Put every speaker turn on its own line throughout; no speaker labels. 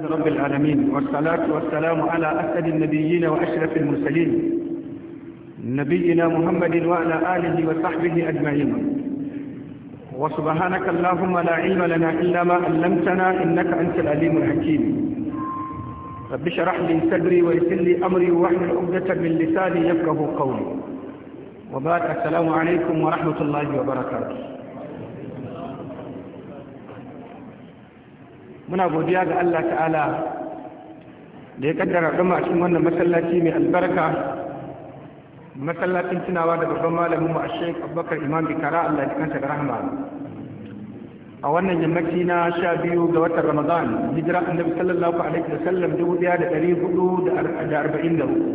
رب العالمين والصلاة والسلام على أسد النبيين وأشرف المرسلين نبينا محمد وعلى آله وصحبه أجمعين وسبحانك اللهم لا علم لنا إلا ما علمتنا إنك أنت العليم الحكيم رب اشرح لي صدري ويسر لي أمري واحلل عقدة من لساني يفقه قولي وبارك السلام عليكم ورحمة الله وبركاته
muna godiya ga Allah ta'ala
da ya kaddara gama a cikin wannan masallaci mai albarka masallacin tunawa da babban malamin mu Sheikh Abubakar Imam Bikara Allah ya kansa da rahama a wannan yammaci na sha biyu ga watan Ramadan hijira annabi sallallahu alaihi wasallam dubu ɗaya da ɗari hudu da arba'in da hudu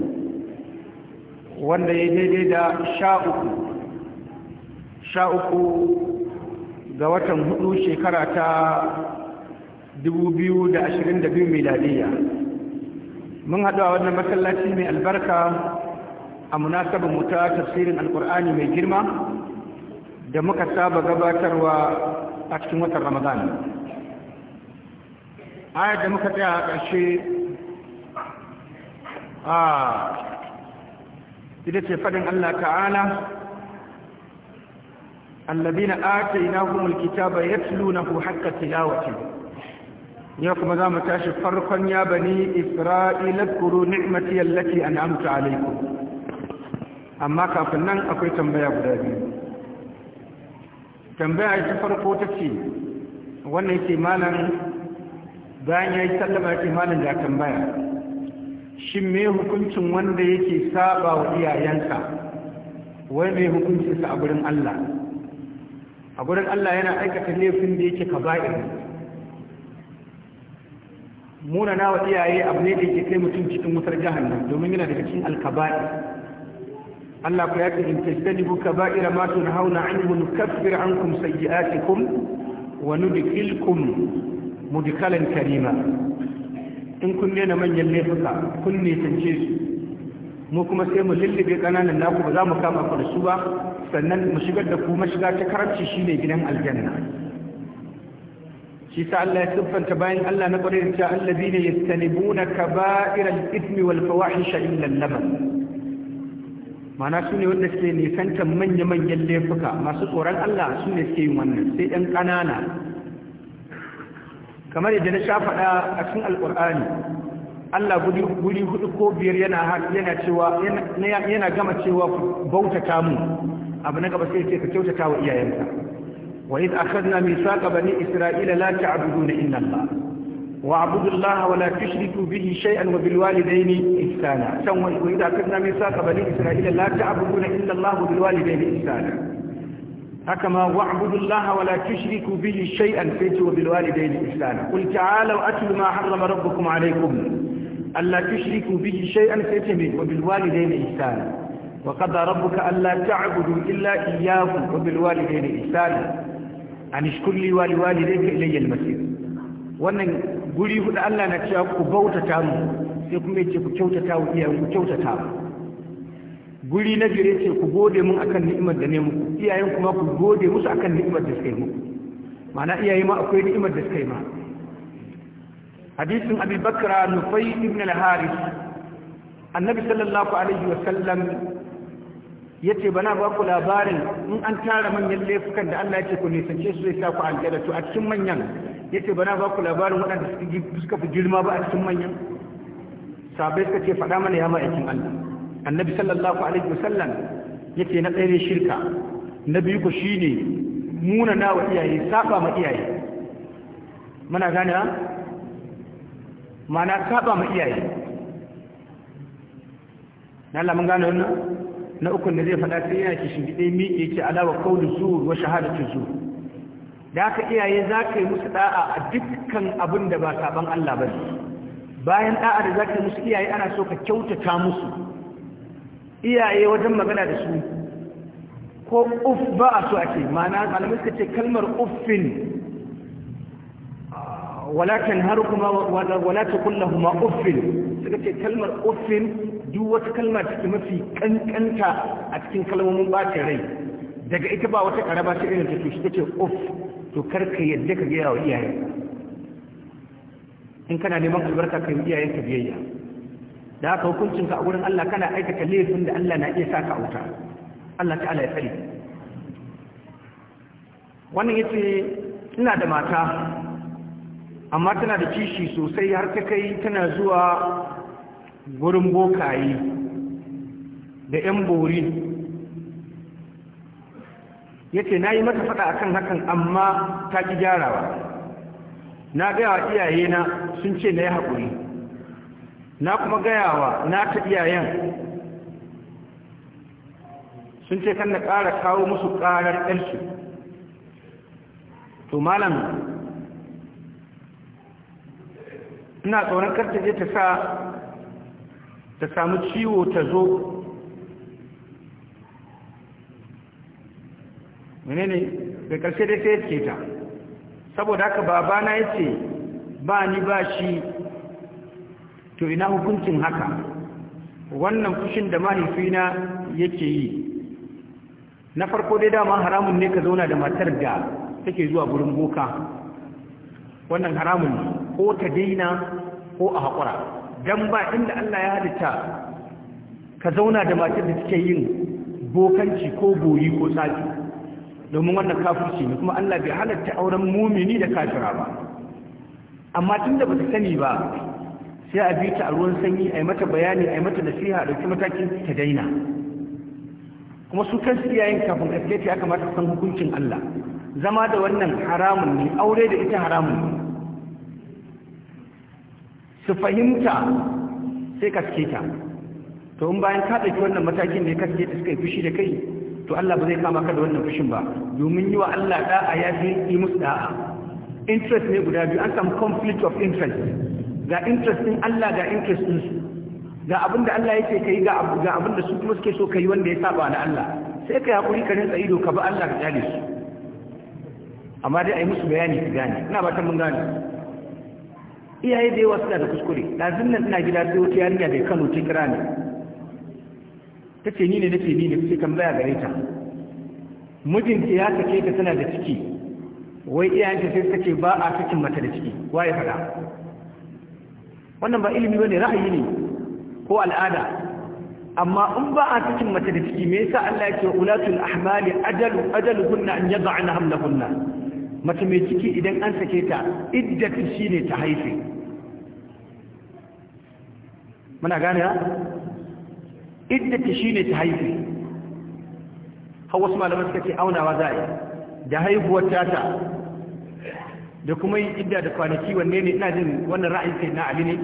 wanda ya daidai da sha uku ga watan hudu shekara ta 2022 miladiyya mun haɗu a wannan masallaci mai albarka a munasabar wuta ta tafsirin alkur'ani mai girma da muka saba gabatarwa a cikin watan ramadan ayar da
muka tsaya a ƙarshe
a ita ce faɗin allah ta'ala الذين آتيناهم الكتاب يتلونه حق تلاوته ya kuma za mu tashi farkon ya bani isra'ila kuru ni'mati allati an'amtu alaikum amma kafin nan akwai tambaya guda biyu tambaya ta farko ta ce wannan ke malam bayan ya yi sallama ya ce da tambaya shi me hukuncin wanda yake saba wa iyayensa wai me hukuncinsa a gurin Allah a gurin Allah yana aikata laifin da yake kaba'ir munana wa iyaye abu ne da ke kai mutum cikin wutar jahannam domin yana daga cikin alkaba'i Allah ku ya ce in tajtanibu kaba'ira ma tunhauna anhu nukaffir ankum sayyi'atikum wa nudkhilkum mudkhalan karima in kun na manyan laifuka kun ne tance su mu kuma sai mu lullube kananan naku ba za mu kama ku da su ba sannan mu shigar da ku mashiga ta karanci shine gidan aljanna shi sa Allah ya siffanta bayan Allah na kwarai da allazina ka kaba'ira al ismi wal fawahisha illa laban mana su ne wanda suke nisantar manya-manyan laifuka masu tsoron Allah su ne suke yin wannan sai ɗan ƙanana kamar yadda na sha faɗa a cikin alƙur'ani Allah guri hudu ko biyar yana gama cewa bautata mu abu na gaba sai ce ka kyautata wa iyayenka وإذ أخذنا ميثاق بني إسرائيل لا تعبدون إلا الله واعبدوا الله ولا تشركوا به شيئا وبالوالدين إحسانا وإذ أخذنا ميثاق بني إسرائيل لا تعبدون إلا الله وبالوالدين إحسانا هكما واعبدوا الله ولا تشركوا به شيئا فيتوا وبالوالدين إحسانا قل تعالوا أتلوا ما حرم ربكم عليكم ألا تشركوا به شيئا فيت وبالوالدين إحسانا وقضى ربك ألا تعبدوا إلا إياه وبالوالدين إحسانا an shkulli wali wali dai ka ilayyar masir wannan guri hudu Allah na cewa ku bautata mu sai kuma yace ku kyautata wa iyayen ku kyautata mu guri na biyar ce ku gode mun akan ni'imar da ne muku iyayen kuma ku gode musu akan ni'imar da suka yi muku ma'ana iyaye ma akwai ni'imar da suka yi ma hadisin Abubakar, Nufai, ibn al haris annabi sallallahu alaihi wa sallam ya ce bana ba ku labarin in an tara manyan laifukan da Allah ya ce ku nisance su zai sa ku aljada to a cikin manyan ya ce bana ba ku labarin waɗanda suka fi girma ba a cikin manyan sabai suka ce faɗa mana ya ma'aikin Allah annabi sallallahu alaihi wasallam ya ce na ɗaya shirka na biyu ku shine muna na wa iyaye saba ma iyaye muna gane mana saba ma iyaye na Allah mun gane wannan na uku da zai faɗa sai yana kishin gide mi yake alawa qawlu zuhur wa shahadatu zuhur da aka iyaye za ka yi musu da'a a dukkan abin da ba saban Allah ba bayan da'a da za ka yi musu iyaye ana so ka kyautata musu iyaye wajen magana da su ko uf ba a so a ce ma'ana malamai suka ce kalmar uffin wala kuma wala kullum lahumu uffin suka ce kalmar uffin duk wata kalma take mafi kankanta a cikin kalmomin bacin rai daga ita ba wata karaba ta irin ta shi take of. to karka yadda ka gaya wa iyayen in kana neman albarka ka iyayen ka biyayya da haka hukuncinka a wurin Allah kana aikata laifin da Allah na iya sa ka auta Allah ta'ala ya tsare wannan yace ina da mata amma tana da kishi sosai har ta kai tana zuwa gurin bokayi da 'yan bori ya ce na yi mata faɗa akan hakan amma ta ki gyarawa na gaya wa iyayena sun ce na yi haƙuri na kuma gaya na ta iyayen sun ce kan na ƙara kawo musu ƙarar ɗansu to malam ina tsoron karta je ta sa ta samu ciwo ta zo ne da ƙarshe dai sai yake ta saboda haka babana ya ce ba ni ba shi to ina hukuncin haka wannan fushin da mahaifina yake yi na farko dai dama haramun ne ka zauna da matar da take zuwa gurin boka wannan haramun ko ta daina ko a haƙura dan ba inda Allah ya halitta ka zauna da matar da suke yin bokanci ko boyi ko sabi domin wannan kafirci ne kuma Allah bai halatta auren mumini da kafira ba amma tunda ba ta sani ba sai a bita a ruwan sanyi a yi mata bayani a yi mata nasiha da kuma matakin ta daina kuma su su iyayen kafin gaske ta ya kamata san hukuncin Allah zama da wannan haramun ne aure da ita haramun ne su fahimta sai ka suke ta to in bayan ka ɗauki wannan matakin da ya kasance ta suka yi fushi da kai to Allah ba zai kama ka da wannan fushin ba domin yi wa Allah da'a ya fi yi musu da'a interest ne guda biyu an samu conflict of interest ga interest ɗin Allah ga interest ɗin su ga abin da Allah yake kai ga abin da su kuma suke so kai wanda ya saba da Allah sai ka hakuri ka rinsa ido ka bi Allah ka tsare su amma dai a yi musu bayani ka gane ina ba ta mun gane iyaye da yawa suna da kuskure lazim nan ina gida sai wata yarinya da kano ta rami ne ta ce ni ne nake ni ne kan baya gare ta mijinta ya sake ta tana da ciki wai iyayenta sai suka ce ba a cikin mata da ciki waye fada wannan ba ilimi bane ra'ayi ne ko al'ada amma in ba a cikin mata da ciki me yasa Allah ya ce ulatul ahmali ajalu kunna an yad'anahum lahunna mace mai ciki idan an sake ta shi ne ta haife muna gane ya shi ne ta haife har wasu malamai suka ce aunawa za a yi da haihuwar tata da kuma yin idda da kwanaki wanne ne ina jin wannan ra'ayin sai na ali ne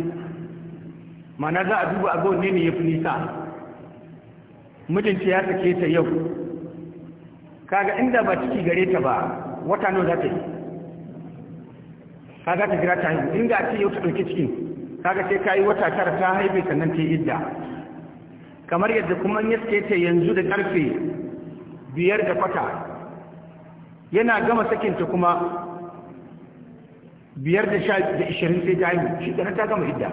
mana za a duba abuwa ne wanne ne ya fi nisa mijinta ya sake ta yau kaga inda ba ciki gare ta ba wata nawa za ta yi kaga ta jira ta haihu inda a ce yau ta ɗauki cikin kaga sai ka yi wata tara ta haife sannan ta yi idda kamar yadda kuma ya ta yanzu da karfe biyar da kwata yana gama sakinta kuma biyar da sha da ishirin sai ta haihu shi ta gama idda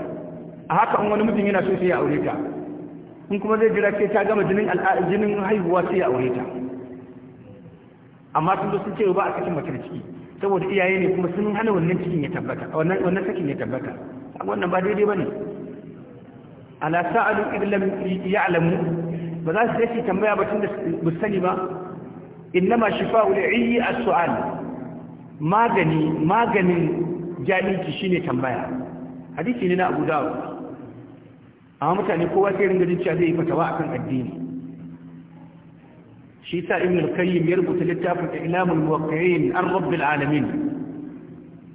a haka in wani mutum yana so sai ya aure ta in kuma zai jira sai ta gama jinin haihuwa sai ya aure ta amma sun zo sun ce ba a cikin mace da ciki saboda iyaye ne kuma sun hana wannan cikin ya tabbata wannan wannan sakin ya tabbata wannan ba daidai bane ala sa'alu illam ya'lamu ba za su yi tambaya ba tunda bu sani ba innama shifa'u li'i as-su'al magani maganin jami'i shine tambaya hadisi ne na Abu Dawud amma mutane kowa sai ringa jin cewa zai yi fatawa akan addini shi sa ibn al-qayyim ya rubuta littafin ilamul muwaqqi'in an rabbil alamin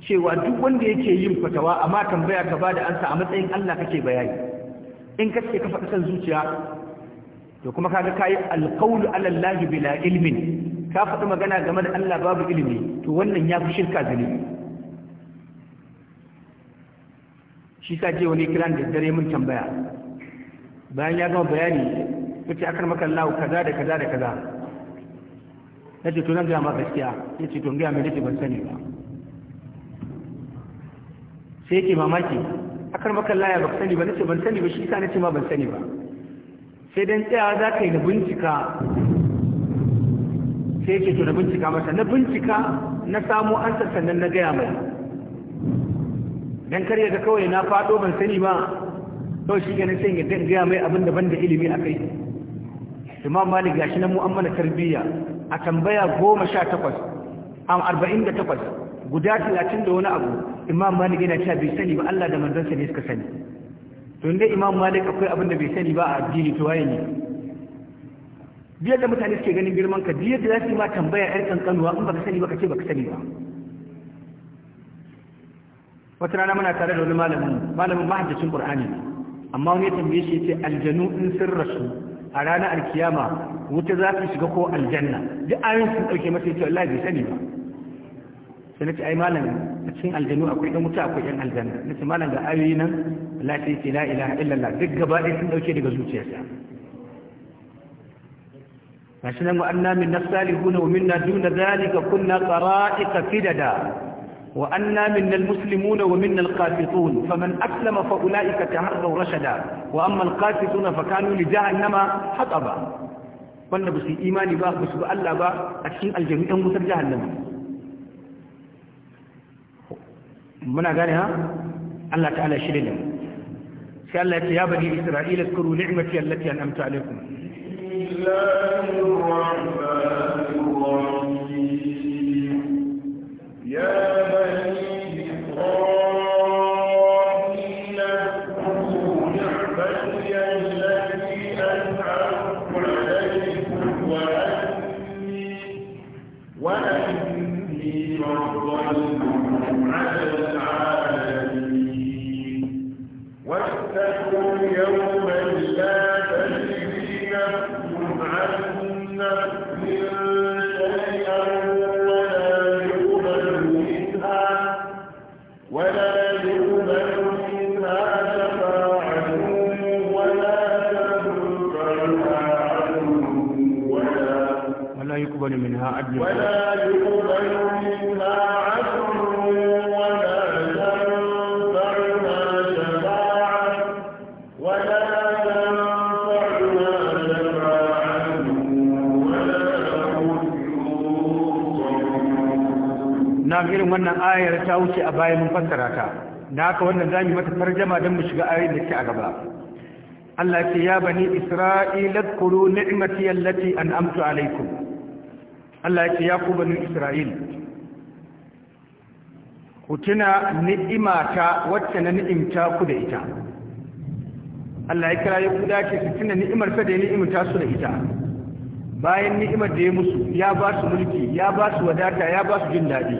cewa duk wanda yake yin fatawa amma tambaya ka bada ansa a matsayin Allah kake bayani in kace ka faɗi san zuciya to kuma kaga kai alqawlu ala Allah bila ilmin ka faɗi magana game da Allah babu ilimi to wannan ya fi shirka gani. shi sa je wani kiran da dare mun tambaya bayan ya gama bayani kace akar maka Allah kaza da kaza da kaza ya ce tunan gaya ma gaskiya ya ce tun gaya mai nake ban sani ba sai yake mamaki akar makan laya ba sani ba Na ce ban sani ba shi sa na ce ma ban sani ba sai dan tsaya za ka yi na bincika sai yake to na bincika masa na bincika na samu an sannan na gaya mai dan kar ya ga kawai na fado ban sani ba to shi ganin sai ya gaya mai abin da ban da ilimi akai imam malik gashi nan mu an mana tarbiyya a tambaya goma sha takwas an arba'in da takwas guda talatin da wani abu imam malik yana cewa bai sani ba Allah da manzansa ne suka sani to inda imam malik akwai abin da bai sani ba a addini to waye ne biyar da mutane suke ganin girman ka biyar da za su yi ma tambaya yar kankanuwa in baka sani ba ka ce baka sani ba wata rana muna tare da wani malamin malamin mahaddacin qur'ani amma wani ya tambaye shi ya ce aljanu in sirrasu a ranar alkiyama wuta za su shiga ko aljanna duk ayoyin sun dauke masa yace wallahi bai sani ba sai nace ai malam a cikin aljanu akwai ɗan wuta akwai ɗan aljanna nace malam ga ayoyi nan Allah ta yace la ilaha illallah duk gaba ɗaya sun ɗauke daga zuciyarsa gashi nan wa anna min nasalihuna wa minna duna zalika kunna qara'ika fidada وأنا منا المسلمون ومنا القاسطون فمن أسلم فأولئك تهروا رشدا وأما القاسطون فكانوا لجهنم حطبا قلنا بس إيمان با بس بألا با أكشن الجميع هم مصر جهنم منا قال ها الله تعالى شرنا سأل الله يا بني إسرائيل اذكروا نعمتي التي أنعمت عليكم
بسم الله الرحمن الرحيم.
ta wuce a bayan mun fassara ta da haka wannan zamu mata tarjama don mu shiga ayoyin da ke a gaba Allah ce ya bani Isra'ila kuru ni'mati allati an'amtu alaikum Allah ce ya ku bani Isra'il ku tuna ni'imata wacce na ni'imta ku da ita Allah ya kira ya ku dace su tuna ni'imar ka da ya ni'imta su da ita bayan ni'imar da ya musu ya ba su mulki ya ba su wadata ya ba su jin daɗi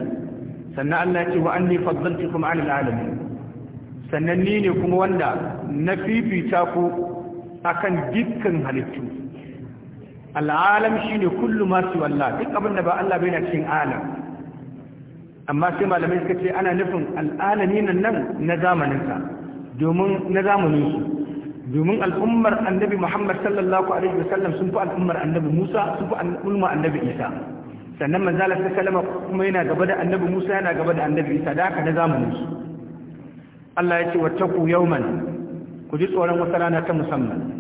sannan Allah ya ce wa anni faddaltukum 'alal alamin sannan ni ne kuma wanda na fifita ku akan dukkan halittu al'alam shine kullu ma su wallah duk abin da ba Allah bai na cikin alam amma sai malamai suka ce ana nufin al'alami nan nan na zamaninsa domin na zamanin su domin al'ummar annabi muhammad sallallahu alaihi wasallam sun fi al'ummar annabi musa sun fi al'ummar annabi isa sannan manzala ta kalama kuma yana gaba da annabi musa yana gaba da annabi isa da aka na zamanin allah ya ce ku yawman ku ji tsoron wata rana ta musamman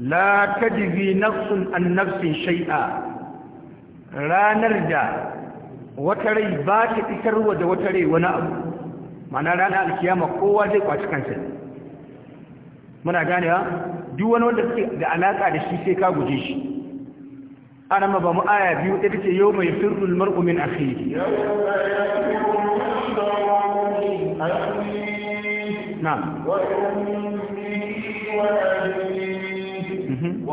la tajzi nafsun an nafsin shay'a ranar da wata rai ba ta fitarwa da wata rai wani abu mana rana alkiyama kowa zai kwaci kansa muna ganewa duk wani wanda suke da alaka da shi sai ka guje shi ana ma ba mu aya biyu ita ce yau mai firul
a min mhm. Mhm.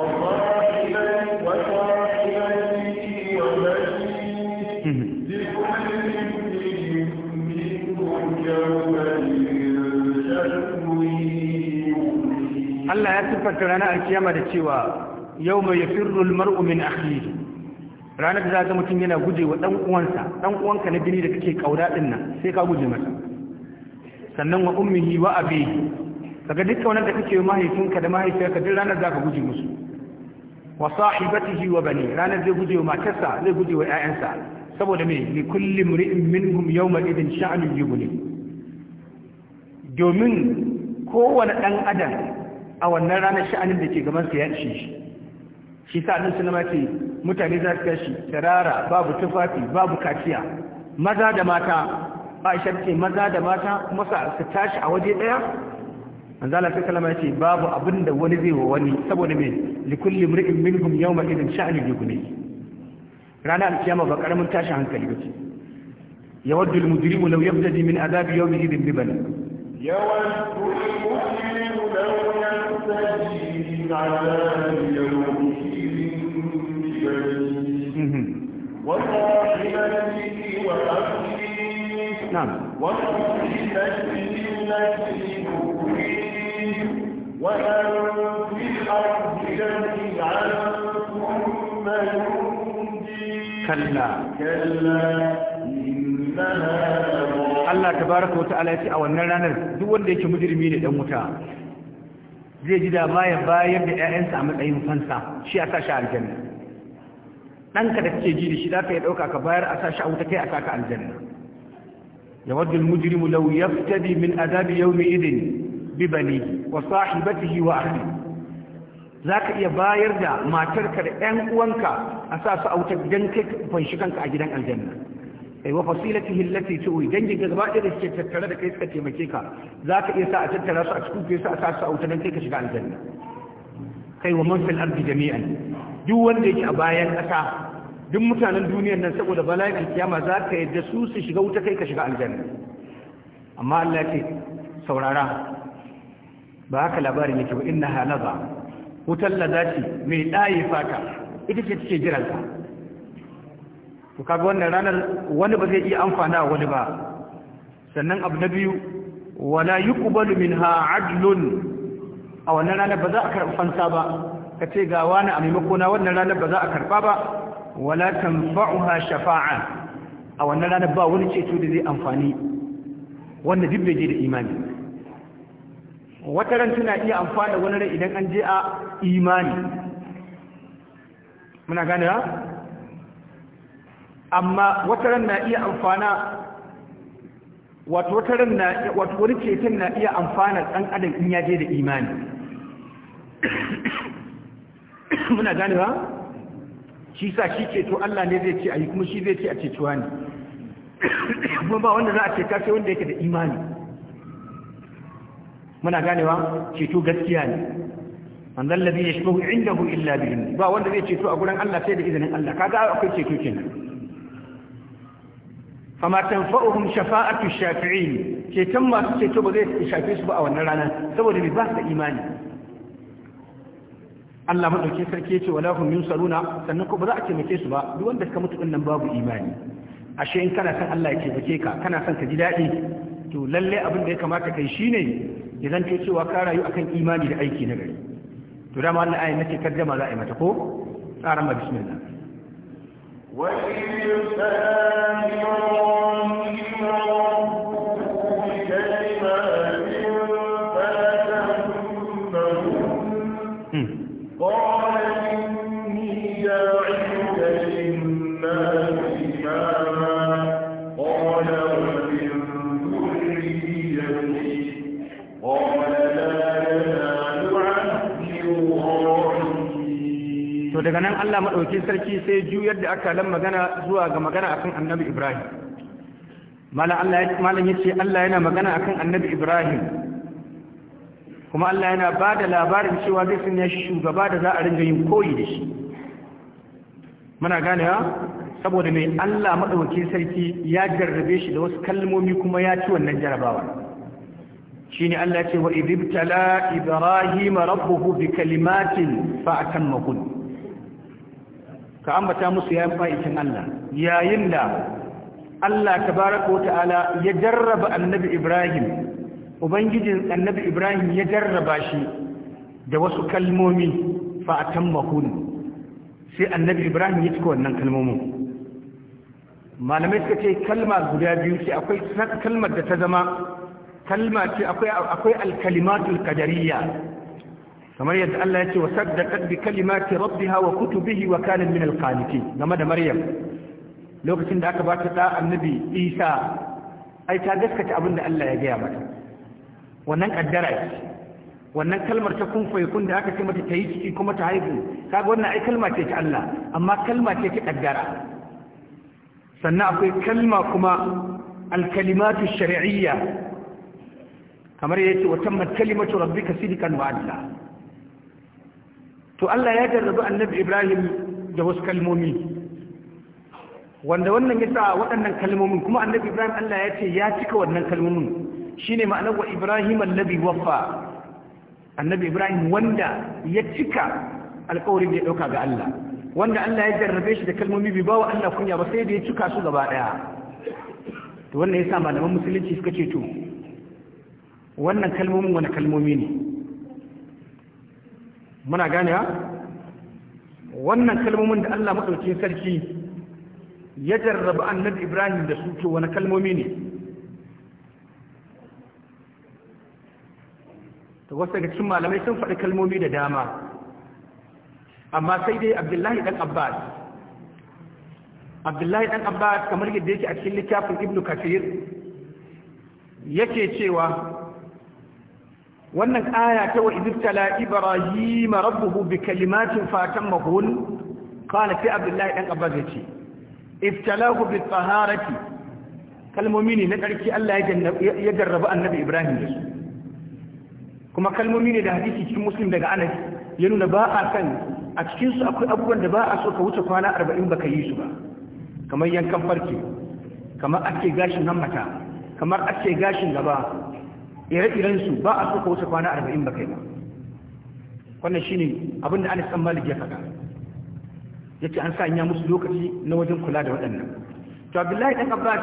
Allah ya siffanta ranar alkiyama da cewa yau mai yafirrul mar'u min akhihi ranar da ga mutum yana guje wa dan uwansa dan uwanka na jini da kake kaura din nan sai ka guje masa sannan wa ummihi wa abihi kaga duk wannan da kake mahaifinka da mahaifiyarka duk ranar ka guje musu wa sahibatihi wa bani ranar zai guje wa matarsa zai guje wa ƴaƴansa saboda me li kulli mri'in minhum yawma idin sha'nun yughni domin kowane dan adam a wannan ranar sha'anin da ke gaban sa ya ci shi shi sa annabi sallama ce mutane za su tashi tarara babu tufafi babu kaciya maza da mata Aisha ce maza da mata kuma su tashi a waje daya manzo Allah kalama ce babu abin da wani zai wa wani saboda me likulli mri'in minhum yawma idin sha'nun yughni rana alkiyama ba karamin tashi hankali ba waddu yawaddu almujrimu law yabtadi min adabi yawmi idin bi bani
yawaddu almujrimu law yabtadi min adab yawmi allah ta نعم وصاحبته التي تؤويه
Allah tabaraka wa ta'ala a wannan ranar duk wanda yake mujirmi ne dan wuta zai ji da bayan bayar da 'ya'yansa a matsayin fansa shi a shi aljanna ɗanka da kake ji da shi za ka yi ɗauka ka bayar a sashi a wuta kai a saka aljanna ya wadda mujrimu law yaftadi min azabi yawmi idin bi banihi wa sahibatihi wa ahli ka iya bayar da matarka da 'yan uwanka a sa su a wuta dan kai fanshi kanka a gidan aljanna ai wa fasilatihi allati tu'i dangin ga gaba ɗaya da suke tattare da kai suka taimake ka za ka iya sa a tattara su a cikin su a sa su a wuta dan kai ka shiga aljanna kai wa man fil ardi jami'an duk wanda yake a bayan ƙasa duk mutanen duniyar nan saboda bala'in alkiyama za ka yadda su su shiga wuta kai ka shiga aljanna amma Allah ce saurara ba haka labarin yake ba inna halaza wutar lazati mai ɗaye fata ita ce take jiranta Ku kaga wannan ranar wani ba zai iya amfana wani ba sannan abu na biyu wala yuqbalu minha adlun a wannan ranar ba za a karɓi fansa ba ka ce ga wani a maimako na wannan ranar ba za a karba ba wala tanfa'uha shafa'a a wannan ranar ba wani ceto da zai amfani wanda duk bai je da imani wata ran tana iya amfana wani ran idan an je a imani muna gane ha amma wata ran na iya amfana wato wata ran na wato wani ceton na iya amfana dan adam in ya je da imani muna gane ba shi sa shi ceto Allah ne zai ce a yi kuma shi zai ce a cewa ne kuma ba wanda za a ce kashe wanda yake da imani muna gane ba ceto gaskiya ne an zallabi ya shigo inda hu illa bihin ba wanda zai ceto a gurin Allah sai da izinin Allah kaga akwai ceto kenan fama tanfa'uhum shafa'atu shafi'in ceton masu ceto ba zai shafe su ba a wannan rana saboda bai ba su da imani Allah madauke sarki yace wala hum yunsaruna sannan ko ba za a taimake su ba duk wanda ka mutu din nan babu imani ashe in kana son Allah ya taimake ka kana son ka ji daɗi to lalle abin da ya kamata kai shine ya zanto cewa ka rayu akan imani da aiki na gari to dama wannan ayin nake tarjama za a yi mata ko tsara ma bismillah daga nan Allah maɗauki sarki sai juyar da aka lan magana zuwa ga magana akan annabi Ibrahim malam ya ce Allah yana magana akan annabi Ibrahim kuma Allah yana ba da labarin cewa zai sun yashi shugaba da za a ringa yin koyi da shi muna ganewa saboda mai Allah maɗauki sarki ya jarrabe shi da wasu kalmomi kuma ya ci wannan jarabawa ne Allah ce wa idibtala ibrahim rabbuhu bi kalimatin fa atammahu ka ambata musu yayin ma'aikin Allah yayin da Allah tabaraka wata'ala ya jarraba annabi Ibrahim ubangijin annabi Ibrahim ya jarraba shi da wasu kalmomi fa atammahun sai annabi Ibrahim ya cika wannan kalmomin malamai suka ce kalma guda biyu ce akwai kalmar da ta zama kalma ce akwai akwai alkalimatul qadariyya kamar yadda Allah ya ce wa saddaqat bi kalimati rabbiha wa kutubihi wa kana min al-qanitin game da Maryam lokacin da aka bata da annabi Isa ai ta gaskata abinda Allah ya gaya mata wannan kaddara ce wannan kalmar ta kun fayakun da aka ce mata ta yi ciki kuma ta haihu kaga wannan ai kalma ce ta Allah amma kalma ce ta kaddara sannan akwai kalma kuma al-kalimatu shar'iyya kamar yace wa tammat kalimatu rabbika sidqan wa adla to Allah ya jarrabi annabi Ibrahim da wasu kalmomi wanda wannan ya sa waɗannan kalmomin kuma annabi Ibrahim Allah ya ce ya cika wannan kalmomin ne ma'anar wa Ibrahim allazi waffa annabi Ibrahim wanda ya cika alƙawarin da ya ɗauka ga Allah wanda Allah ya jarrabe shi da kalmomi bai bawa Allah kunya ba sai da ya cika su gaba ɗaya to wannan ya sa malaman musulunci suka ce to wannan kalmomin wani kalmomi ne muna gane wannan kalmomin da Allah madaukakin sarki ya jarraba annabi Ibrahim da su to wani kalmomi ne to wasu daga cikin malamai sun faɗi kalmomi da dama amma sai dai Abdullahi dan Abbas Abdullahi dan Abbas kamar yadda yake a cikin littafin Ibn Kathir yake cewa wannan aya ta wa izibtala ibrahim rabbuhu bi kalimatin fatammahun qala fi abdullahi dan abbas yace ibtalahu bi taharati kalmomi ne na karki Allah ya jarraba annabi ibrahim da su kuma kalmomi ne da hadisi cikin muslim daga anas ya nuna ba a san a cikin su akwai abubuwan da ba a so ka wuce kwana 40 baka yi su ba kamar yankan farki kamar ake gashin hammata kamar ake gashin gaba ire-iren su ba a suka wuce kwana arba'in ba kai ba wannan ne abinda an san Malik ya faɗa ce an sa musu lokaci na wajen kula da waɗannan to Abdullahi ɗan Abbas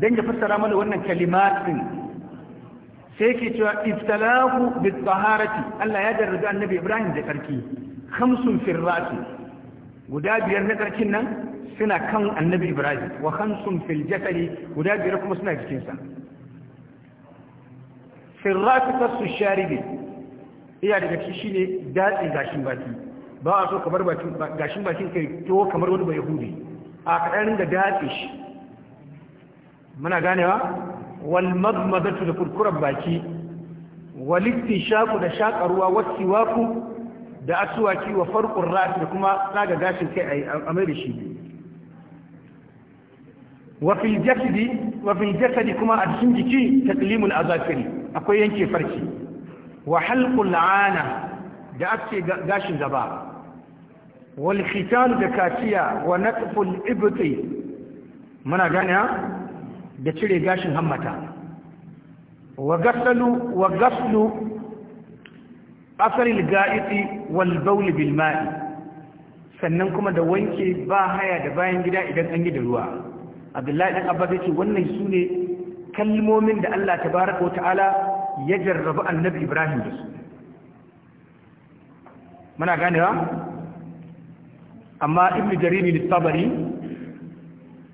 dan ya fassara mana wannan kalimatin sai yake cewa iftalahu bit taharati Allah ya darraja annabi Ibrahim da karki khamsun firrati guda biyar na karkin nan suna kan annabi Ibrahim wa khamsun fil jasadi guda biyar kuma suna sa firrafika kasu sharibi iya daga shi shine datse gashin baki ba a so kamar gashin bakin kai to kamar wani bai hudi a kaɗarin da datse shi muna ganewa wal madmadatu da kurkuran baki wal shaku da shakarwa waku da asuwaki wa farkon rafi da kuma tsaga gashin kai a mai da shi fi jasadi kuma a cikin jiki taklimul azakiri akwai yanke farki wa halqul ana da ake gashin gaba wal khital da kaciya wa naqful ibti muna gane da cire gashin hammata wa gasalu wa gaslu asaril ga'iti wal bawl bil ma'i sannan kuma da wanke ba haya da bayan gida idan an yi da ruwa abdullahi dan abbas yace wannan sune kalmomin da Allah tabaraka ta'ala ya jarrabu annabi Ibrahim da su muna ganewa amma ibn jarimi littabari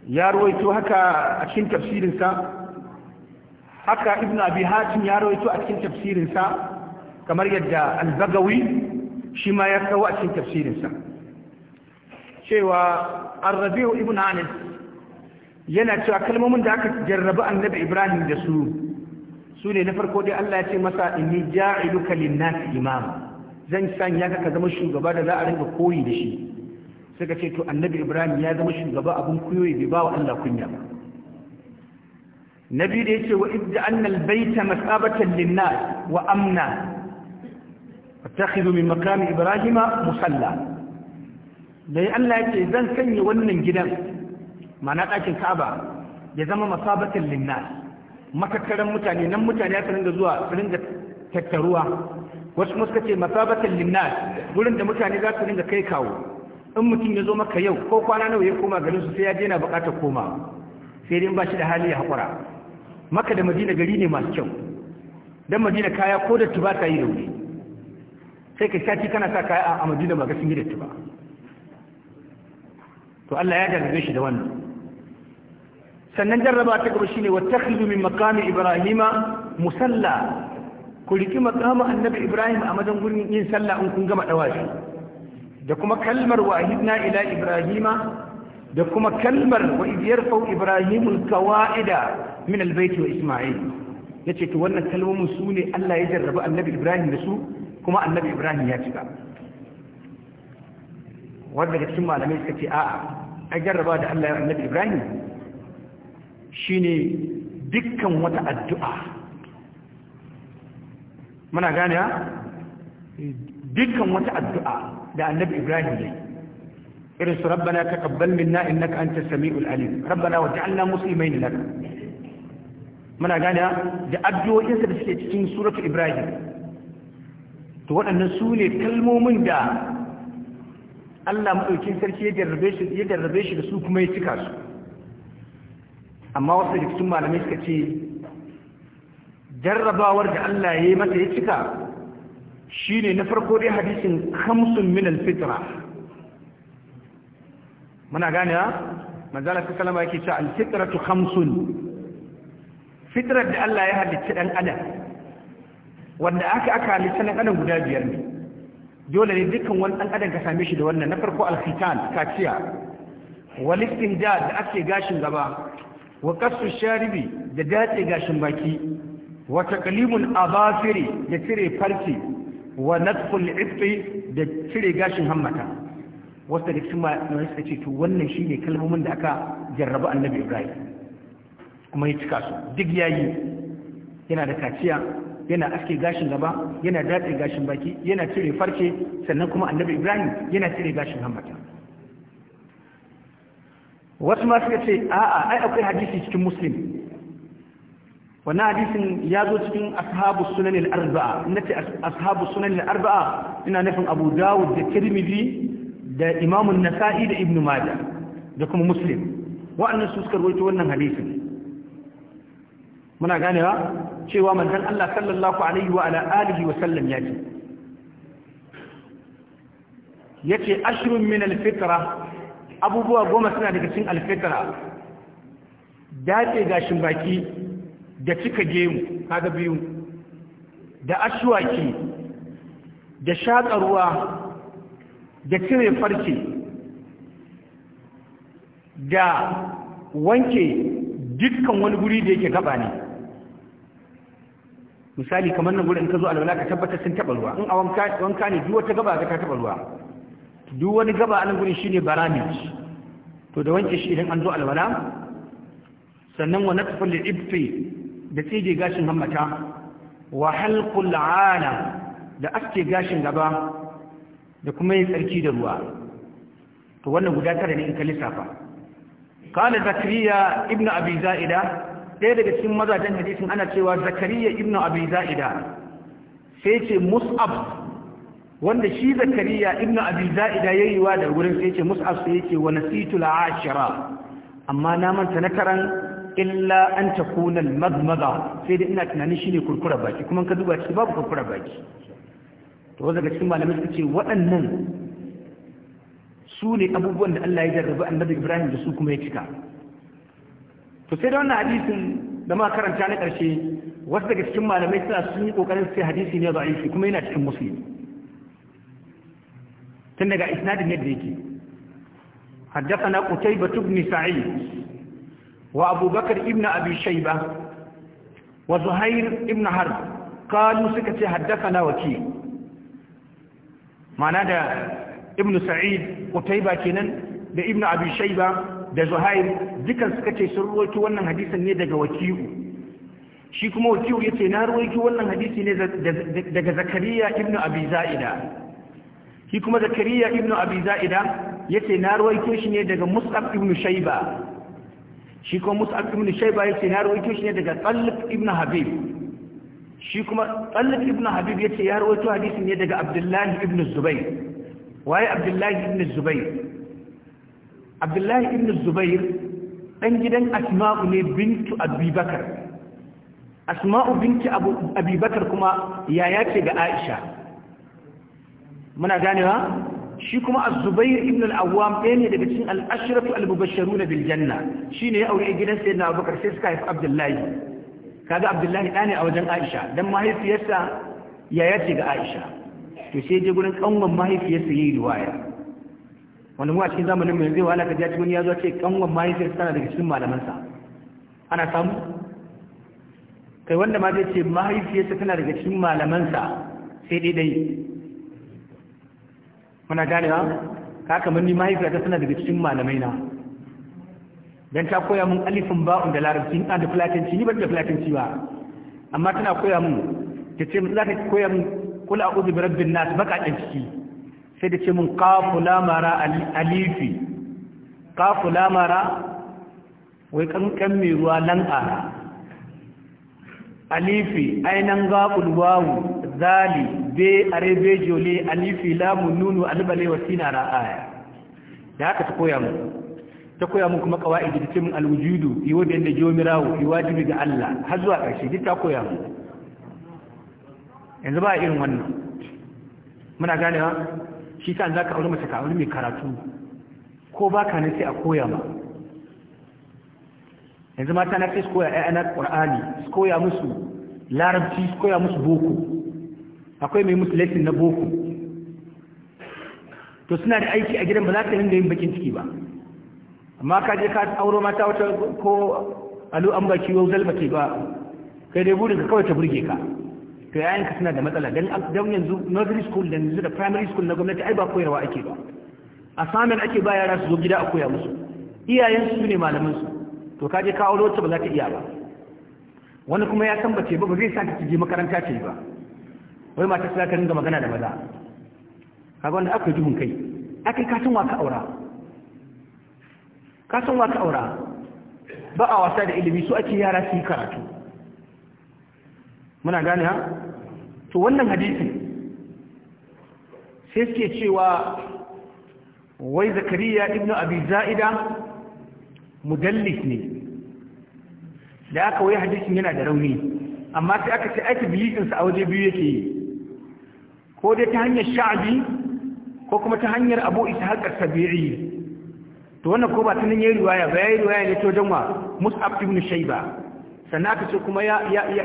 ya ruwaito haka a cikin tafsirinsa haka ibn abi hatim ya ruwaito a cikin tafsirinsa kamar yadda al shi ma ya kawo a cikin tafsirinsa cewa ar-rabi'u ibn anas yana cewa kalmomin da aka jarraba annabi ibrahim da su su ne na farko dai allah ya ce masa inni ja'iluka linnasi imama zan sanya ka ka zama shugaba da za a rinka koyi da shi suka ce to annabi ibrahim ya zama shugaba abin kuyoyi bai ba wa allah kunya ba nabi da yace wa idda annal baita masabatan linnas wa amna fattakhidhu min maqami ibrahima musalla dai allah ya ce zan sanya wannan gidan ma'ana ɗakin ka'aba ya zama masabatin linnas matattaran mutane nan mutane ya da zuwa su da tattaruwa wasu muska ce masabatin linnas wurin da mutane za su ringa kai kawo in mutum ya zo maka yau ko kwana nawa ya koma garin su sai ya je bukatar koma sai dai ba shi da hali ya haƙura maka da madina gari ne masu kyau dan madina kaya ko da tuba ta yi da wuri sai ka shaki kana sa kaya a madina ba ga sun yi da tuba to Allah ya gargaɗe shi da wannan sannan jarraba ta gaba shine wattakhidhu min maqami ibrahima musalla ku riki maqama annabi ibrahim a madan gurin yin sallah in kun gama dawashi da kuma kalmar wahidna ila ibrahima da kuma kalmar wa idyarfau ibrahimul qawaida min albayt wa isma'il yace to wannan kalmomin su ne Allah ya jarraba annabi ibrahim da su kuma annabi ibrahim ya cika wanda daga cikin malamai suka ce a'a a jarraba da Allah ya annabi ibrahim Shi ne dukkan wata addu'a muna gane ha dukkan wata addu'a da annabi ibrahim ne irin su rabbana taqabbal minna innaka antas samiul alim rabbana waj'alna muslimaina lak muna gane da addu'o'in da suke cikin suratu ibrahim to waɗannan su ne kalmomin da Allah maɗaukin sarki ya jarrabe shi da su kuma ya cika su amma wasu da cikin malamai suka ce jarrabawar da Allah ya yi mata ya cika shi ne na farko dai hadisin kamsun minal fitra muna gane ha manzala ta kalama yake alfitra tu kamsun fitrar da Allah ya halitta ɗan adam wanda aka aka halitta ɗan adam guda biyar ne dole ne dukkan wani ɗan adam ka same shi da wannan na farko alfitan kaciya walistin da ake gashin gaba wa kasu sharibi da datse gashin baki wa taqlimul abafiri da cire farki wa nadful ifi da cire gashin hammata wasu da cikin malamai suka ce to wannan shine kalmomin da aka jarraba annabi Ibrahim kuma ya cika su duk yayi yana da kaciya yana aske gashin gaba yana datse gashin baki yana cire farce sannan kuma annabi Ibrahim yana cire gashin hammata wasu masu yace ce a'a ai akwai hadisi cikin muslim wannan hadisin ya zo cikin ashabu sunanin al-arba'a nace ashabu sunan arbaa ina nufin Abu Dawud da Tirmidhi da imamun nasai da Ibn Majah da kuma Muslim wa'annan su suka rawaito wannan hadisin muna ganewa cewa manzon Allah sallallahu alaihi wa ala alihi wa sallam ya ce yace ashrun min al-fitra abubuwa goma suna daga cin alfitra dace gashin baki da cika gemu kaga biyu da ashwaki da shakarwa da cire farce da wanke dukkan wani guri da yake gaba ne misali kamar nan gurin ka zo alwala ka tabbatar sun taba ruwa in a wanka ne duk wata gaba ka taba ruwa duk wani gaba a nan gurin shi ne baramij to da wanke shi idan an zo alwala sannan wa natful ibti da tsige gashin hammata wa halqul ala da aske gashin gaba da kuma yin tsarki da ruwa to wannan guda tara ne in ka lissafa kana zakariya ibn abi zaida ɗaya daga cikin mazajen hadisin ana cewa zakariya ibn abi zaida sai ce mus'ab wanda shi zakariya ibn abi za'ida yayi wa da gurin sai yace mus'ab sai yake wa nasitu al amma na manta na karan illa an takuna al-madmada sai dai ina tunanin shine kurkura baki kuma ka duba shi babu kurkura baki to wanda daga cikin malamai suka ce waɗannan su ne abubuwan da Allah ya jarrabi annabi Ibrahim da su kuma ya cika to sai da wannan hadisin da ma karanta na ƙarshe wasu daga cikin malamai suna sun yi ƙoƙarin sai hadisi ne da'ifi kuma yana cikin musulmi tun daga isnadin yadda yake haddathana qutaybah ibn sa'id wa abubakar ibn abi shayba wa zuhair ibn harb qalu suka ce na waki mana da ibn sa'id qutaybah kenan da ibn abi shayba da zuhair dukan suka ce sun ruwaito wannan hadisan ne daga wakiu shi kuma ya ce na ruwaito wannan hadisi ne daga zakariya ibn abi za'ida shi kuma zakariya ibnu abi za'ida yace na ruwaito shi ne daga mus'ab ibnu shayba shi kuma mus'ab ibnu shayba yace na ruwaito shi ne daga talib ibnu habib shi kuma talib ibnu habib yace ya ruwaito hadisin ne daga abdullahi ibnu zubair waye abdullahi ibnu zubair abdullahi ibnu zubair dan gidan asma'u ne bintu abubakar asma'u binti abubakar kuma yaya ce ga aisha muna ganewa shi kuma az zubayr ibn al-awwam ɗaya ne daga cikin al-ashraf al-mubashsharuna bil janna shine ya aure gidan sayyidina abubakar sai suka haifi abdullahi kaga abdullahi ɗa ne a wajen aisha dan mahaifiyarsa yaya ce ga aisha to sai je gurin kanwan mahaifiyarsa yayi riwaya wannan mu a cikin zamanin mu yanzu wala ka ji wani ya zo ce kanwan mahaifiyarsa tana daga cikin malaman sa ana samu kai wanda ma zai ce mahaifiyarsa tana daga cikin malaman sa sai dai dai kuna ba ka kamar ni mahaifiyata suna daga cikin malamai na dan ta koya mun alifin ba'un da larabci a da fulatanci ni ba da fulatanci ba amma tana koya mun ta ce za ta koya mun kula a Rabbin birabbin baka ɗan ciki sai da ce mun kafu lamara alifi kafu lamara wai kankan mai ruwa lanƙara alifi ainan gaful wawu zali be are be jole alifi lamu nunu albale wa sina ra aya da haka ta koya mu ta koya mu kuma kawaidi da cin alwujudu yi wadin yanda jomirawo yi wajibi ga Allah har zuwa karshe duk ta koya mu yanzu ba irin wannan muna ganewa shi ta zaka ka auri mace ka auri mai karatu ko ba ne sai a koya ma yanzu mata na fi koya 'ya'yana ƙur'ani su koya musu larabci su koya musu boko akwai mai musu lesson na boko to suna da aiki a gidan ba za ta ringa yin bakin ciki ba amma ka je ka auro mata wata ko alu an baki yau zalba ke ba kai dai burin ka kawai ta burge ka to yayin ka suna da matsala dan dan yanzu nursery school dan yanzu da primary school na gwamnati ai ba koyarwa ake ba assignment ake ba yara su zo gida a koya musu iyayen su ne malaman su to ka je ka auro wata ba za ta iya ba wani kuma ya san bace ba ba zai sa ta je makaranta ce ba wai mata ta ka ringa magana da maza kaga wanda aka jihun kai aka ka san waka aura ka waka aura ba a wasa da ilimi su ake yara su yi karatu muna gane ha to wannan hadisin sai suke cewa wai zakariya ibnu abi za'ida mudallis ne da aka wai hadisin yana da rauni amma sai aka ce aiki bilisinsa a waje biyu yake yi ko dai ta hanyar sha'abi ko kuma ta hanyar abu isa haƙar sabii to wannan ko ba tunan yayi riwaya ba yayi riwaya ne to danwa mus'ab ibn shayba sannan aka ce kuma ya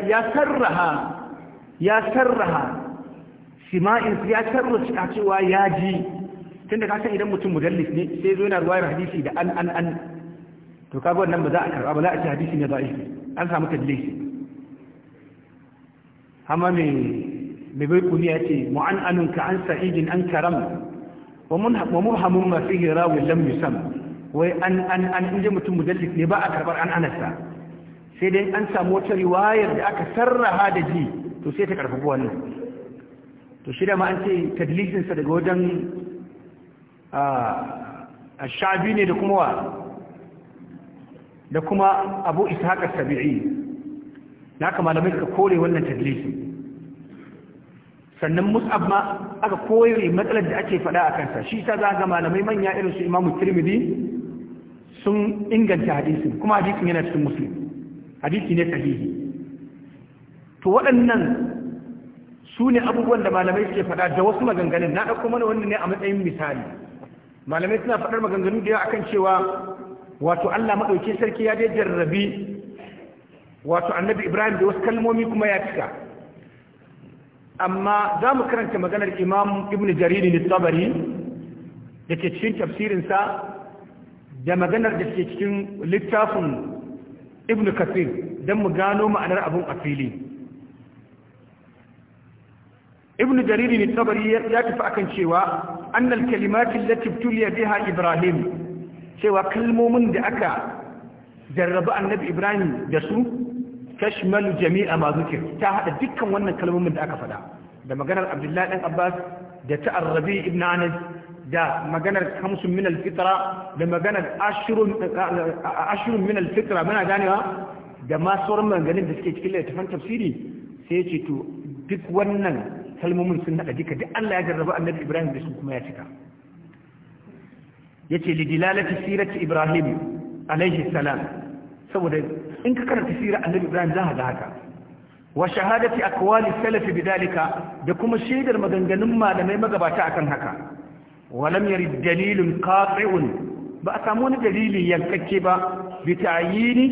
ya sarraha ya sarraha sima'in ya sarraha a cewa ya ji tunda ka san idan mutum mudallis ne sai zo yana riwayar hadisi da an an an to kaga wannan ba za a karba ba za a ce hadisi ne da'ifi an samu tadlis amma me mai bai kuni ya ce mu'an ka an sa'idin an karam wa murhamun ma fihi rawin lam wai an an an mutum mudallis ne ba a karbar an anasa sai dai an samu wata riwayar da aka sarraha da ji to sai ta karfafa wannan to shi da ma an ce tadlisin daga wajen a shabi ne da kuma wa da kuma abu ishaq as-sabi'i na ka malamai suka kore wannan tadlisin sannan mus'ab ma aka koyi matsalar da ake faɗa a kansa shi ta za ga malamai manya irin su imamu tirmidhi sun inganta hadisin kuma hadisin yana cikin muslim hadisi ne sahihi to waɗannan su ne abubuwan da malamai suke faɗa da wasu maganganun na ɗauko mana wannan ne a matsayin misali malamai suna faɗar maganganu da yawa akan cewa wato Allah maɗauki sarki ya dai jarrabi wato annabi Ibrahim da wasu kalmomi kuma ya cika amma za mu karanta maganar imam ibn jaririn tabari da ke cikin tafsirinsa da maganar da ke cikin littafin ibn kasir don mu gano ma'anar abin a fili ibn jaririn tabari ya tafi akan cewa annal kalimatin latif biha ibrahim cewa kalmomin da aka jarrabi annabi ibrahim da su tashmalu jami'a ma zikir ta hada dukkan wannan kalmomin da aka faɗa da maganar abdullahi dan abbas da ta arrabi ibn anas da maganar kamsun min alfitra da maganar ashrun min alfitra muna ganewa da ma sauran maganganun da suke cikin littafin tafsiri sai ce to duk wannan kalmomin sun hada duka duk Allah ya jarraba annabi Ibrahim da su kuma ya cika yace lidilalati sirati Ibrahim alaihi salam saboda in ka karanta sirar annabi ibrahim za ka ga haka wa shahadati akwali salafi bidalika da kuma shaidar maganganun malamai magabata akan haka walam yarid dalilun qati'un ba a samu wani dalili yankakke ba bi ta'yini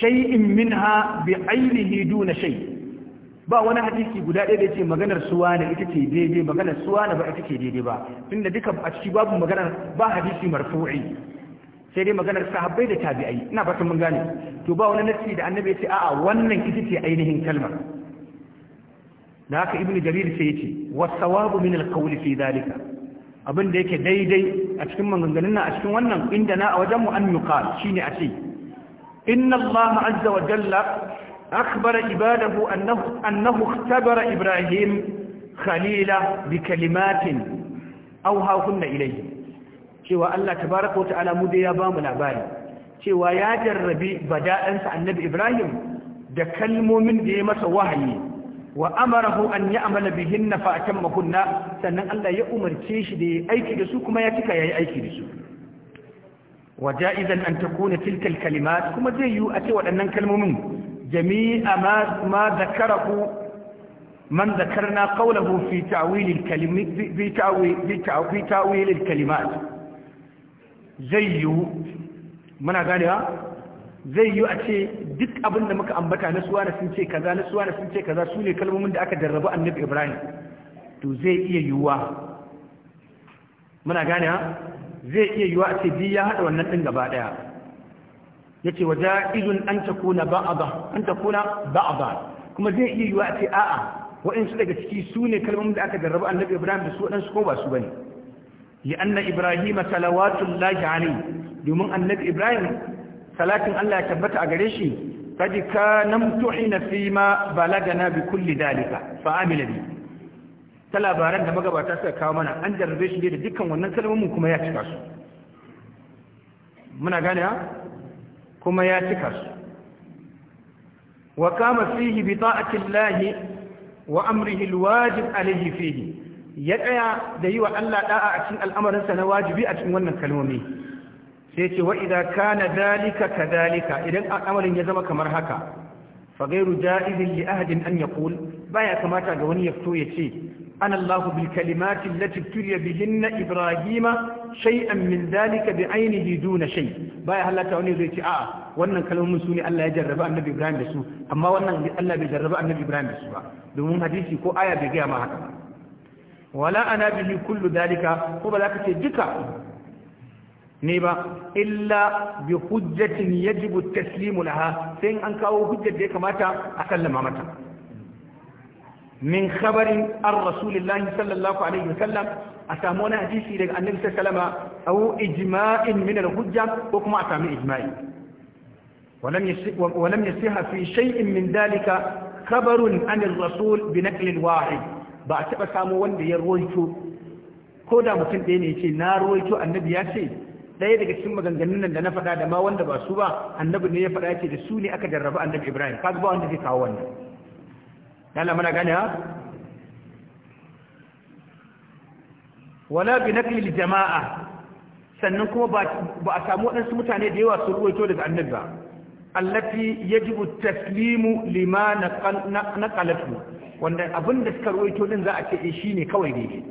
shay'in minha bi ainihi duna shay ba wani hadisi guda ɗaya da yake maganar suwa ne ita ce daidai maganar suwa ne ba ita ce daidai ba inda duka a ciki babu maganar ba hadisi marfu'i sai dai maganar sahabbai da tabi'ai ina fatan mun gane to ba wani nasi da annabi ya ce a'a wannan ita ce ainihin kalmar da haka ibnu jarir sai ya ce wasawabu min alqawli fi dalika abin da yake daidai a cikin maganganun nan a cikin wannan inda na a wajen mu an yuqal shine a ce inna allaha azza wa jalla akhbara ibadahu annahu annahu ikhtabara ibrahim khalila bi kalimatin kunna ilayhi cewa Allah tabaraka wa ta'ala mu da ya bamu labari cewa ya jarrabi bada'ansa annabi Ibrahim da kalmomin da ya masa wahayi wa amarahu an ya'mala bihinna fa makunna sannan Allah ya umarce shi da yayi aiki da su kuma ya cika yayi aiki da su wa ja'izan an takuna tilka al kuma zai yi a ce waɗannan kalmomin jami'a ma ma zakarahu من ذكرنا قوله في تعويل الكلمات في تعويل, في تعويل zai yiwu muna ganewa zai yiwu a ce duk abin da muka ambata na suwa na sun ce kaza na suwa na sun ce kaza su ne kalmomin da aka darrabu annabi ibrahim to zai iya yiwuwa muna ganewa zai iya yiwuwa a ce bi ya haɗa wannan ɗin gaba ɗaya ya ce wa ja'izun an ta kuna ba'aba an ta kuna ba'aba kuma zai iya yiwuwa a ce a'a waɗansu daga ciki su ne kalmomin da aka darrabu annabi ibrahim da su waɗansu ko ba su ba ne لأن إبراهيم صلوات الله عليه دومن النبي إبراهيم صلاة الله يتبت أغريشي قد كان امتحن فيما بلغنا بكل ذلك فعمل به ta labaran magabata suka kawo mana an jarrabe shi ne da dukkan wannan kalmomin kuma ya cika su muna gane kuma ya cika su wa kama fihi bi ta'ati wa amrihi ya tsaya da yi wa Allah ɗa'a a cikin al'amarinsa na wajibi a cikin wannan kalmomi sai ce wa idan kana dalika kadalika idan al'amarin ya zama kamar haka Fagairu, ghairu ja'izin li ahadin an Ba ya kamata ga wani ya fito ya ce ana Allahu bil kalimati allati tuliya bihinna ibrahima shay'an min dalika bi ainihi duna shay ya halatta wani zai ce a'a wannan kalmomin su ne Allah ya jarraba annabi Ibrahim da su amma wannan Allah bai jarraba annabi Ibrahim da su ba domin hadisi ko aya bai gaya ma haka wala ana bihi kullu dalika ko ba za ka ce duka ne ba illa bi hujjatin yajibu taslimu laha sai an kawo hujjar da ya kamata a sallama mata min khabarin an rasulillahi sallallahu alaihi wasallam a samu wani hadisi daga annabi sallama au ijma'in min al-hujja ko kuma a samu ijma'i ولم يصح في شيء من ذلك خبر عن الرسول بنقل واحد ba a taɓa samu wanda ya ruwaito ko da mutum ɗaya ne ce na ruwaito annabi ya ce ɗaya daga cikin maganganun nan da na faɗa da ma wanda ba su ba annabi ne ya faɗa ce da su ne aka jarraba annabi ibrahim kaga ba wanda zai kawo wannan yana mana gane ha wala bi naqli jama'a sannan kuma ba a samu waɗansu mutane da yawa su ruwaito daga annabi ba allati yajibu taslimu lima naqalatu wanda abin da suka ruwaito din za a ce eh, shi ne kawai daidai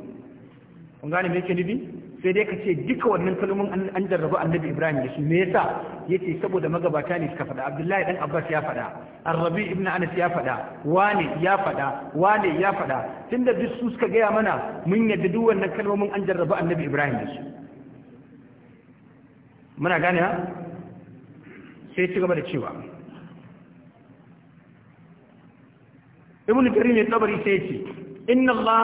kun gane me yake nufi sai dai ka ce duka wannan kalmomin an jarrabu annabi ibrahim da shi. me yasa yace saboda magabata ne suka faɗa abdullahi dan abbas ya faɗa arrabi ibn anas ya faɗa wane ya faɗa wane ya faɗa tunda duk su suka gaya mana mun yadda duk wannan kalmomin an jarrabu annabi ibrahim da shi. muna gane ha sai ci gaba da cewa ibn karim ya tabari sai ce inna allah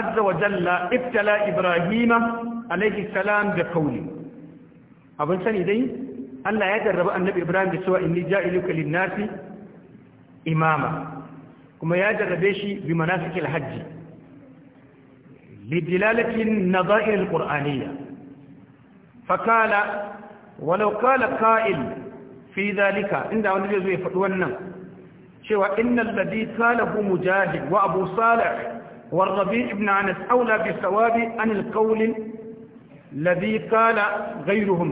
azza wa jalla ibtala ibrahima alaihi salam da kauli abin sani dai Allah ya jarraba annabi Ibrahim da cewa inni ja'iluka lin-nasi imama kuma ya jarrabe shi bi manasikil hajji lidilalatin nadha'ir al fakala walau qala qa'il fi dhalika inda wani zai zo ya faɗi wannan cewa innal ladhi salahu mujahid wa abu salih والربيع بن عنس أولى بالثواب عن القول الذي قال غيرهم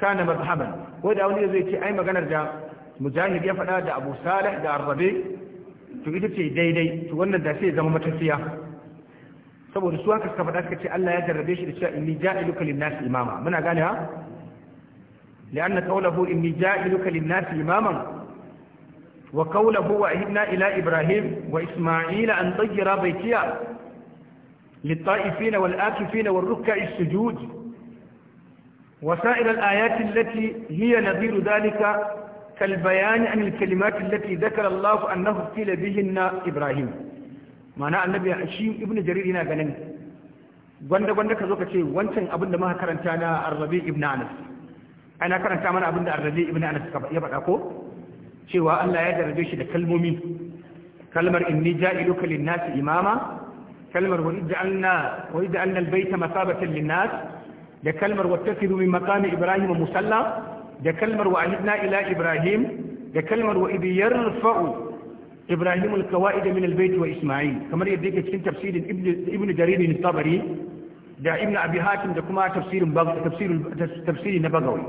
كان مذهبا وإذا أولي زيتي أي مغانا دا مجاهد يفعل دا أبو صالح دا الربيع تقول تي دي دي تقول دا سي زمو متسيا سبو رسوا كسكفة أسكتي ألا يجربي شيء لشاء إني جائلك للناس إماما من أقالها لأن قوله إني جائلك للناس إماما وقوله وعهدنا إلى إبراهيم وإسماعيل أن طير بيتيا للطائفين والآكفين والركع السجود وسائر الآيات التي هي نظير ذلك كالبيان عن الكلمات التي ذكر الله أنه افتل بهن إبراهيم معنى النبي هشيم ابن جرير هنا غنن gwanda gwanda ka zo ka ce wancan abin da muka karanta na Arrabi ibn Anas ana karanta mana abin da Arrabi ibn Anas ya faɗa ko cewa Allah ya darbe shi da kalmomi kalmar inni ja'iluka lin-nasi imama kalmar wa ij'alna wa ij'alna al-bayta masabatan lin-nas da kalmar wattakhidhu min maqami ibrahim musalla da kalmar wa ahidna ila ibrahim da kalmar wa idh yarfa'u ibrahim al-qawaid min al-bayt wa isma'il kamar yadda yake cikin tafsirin ibn jarir al-tabari da ibn abi hatim da kuma tafsirin tafsirin tafsirin nabawi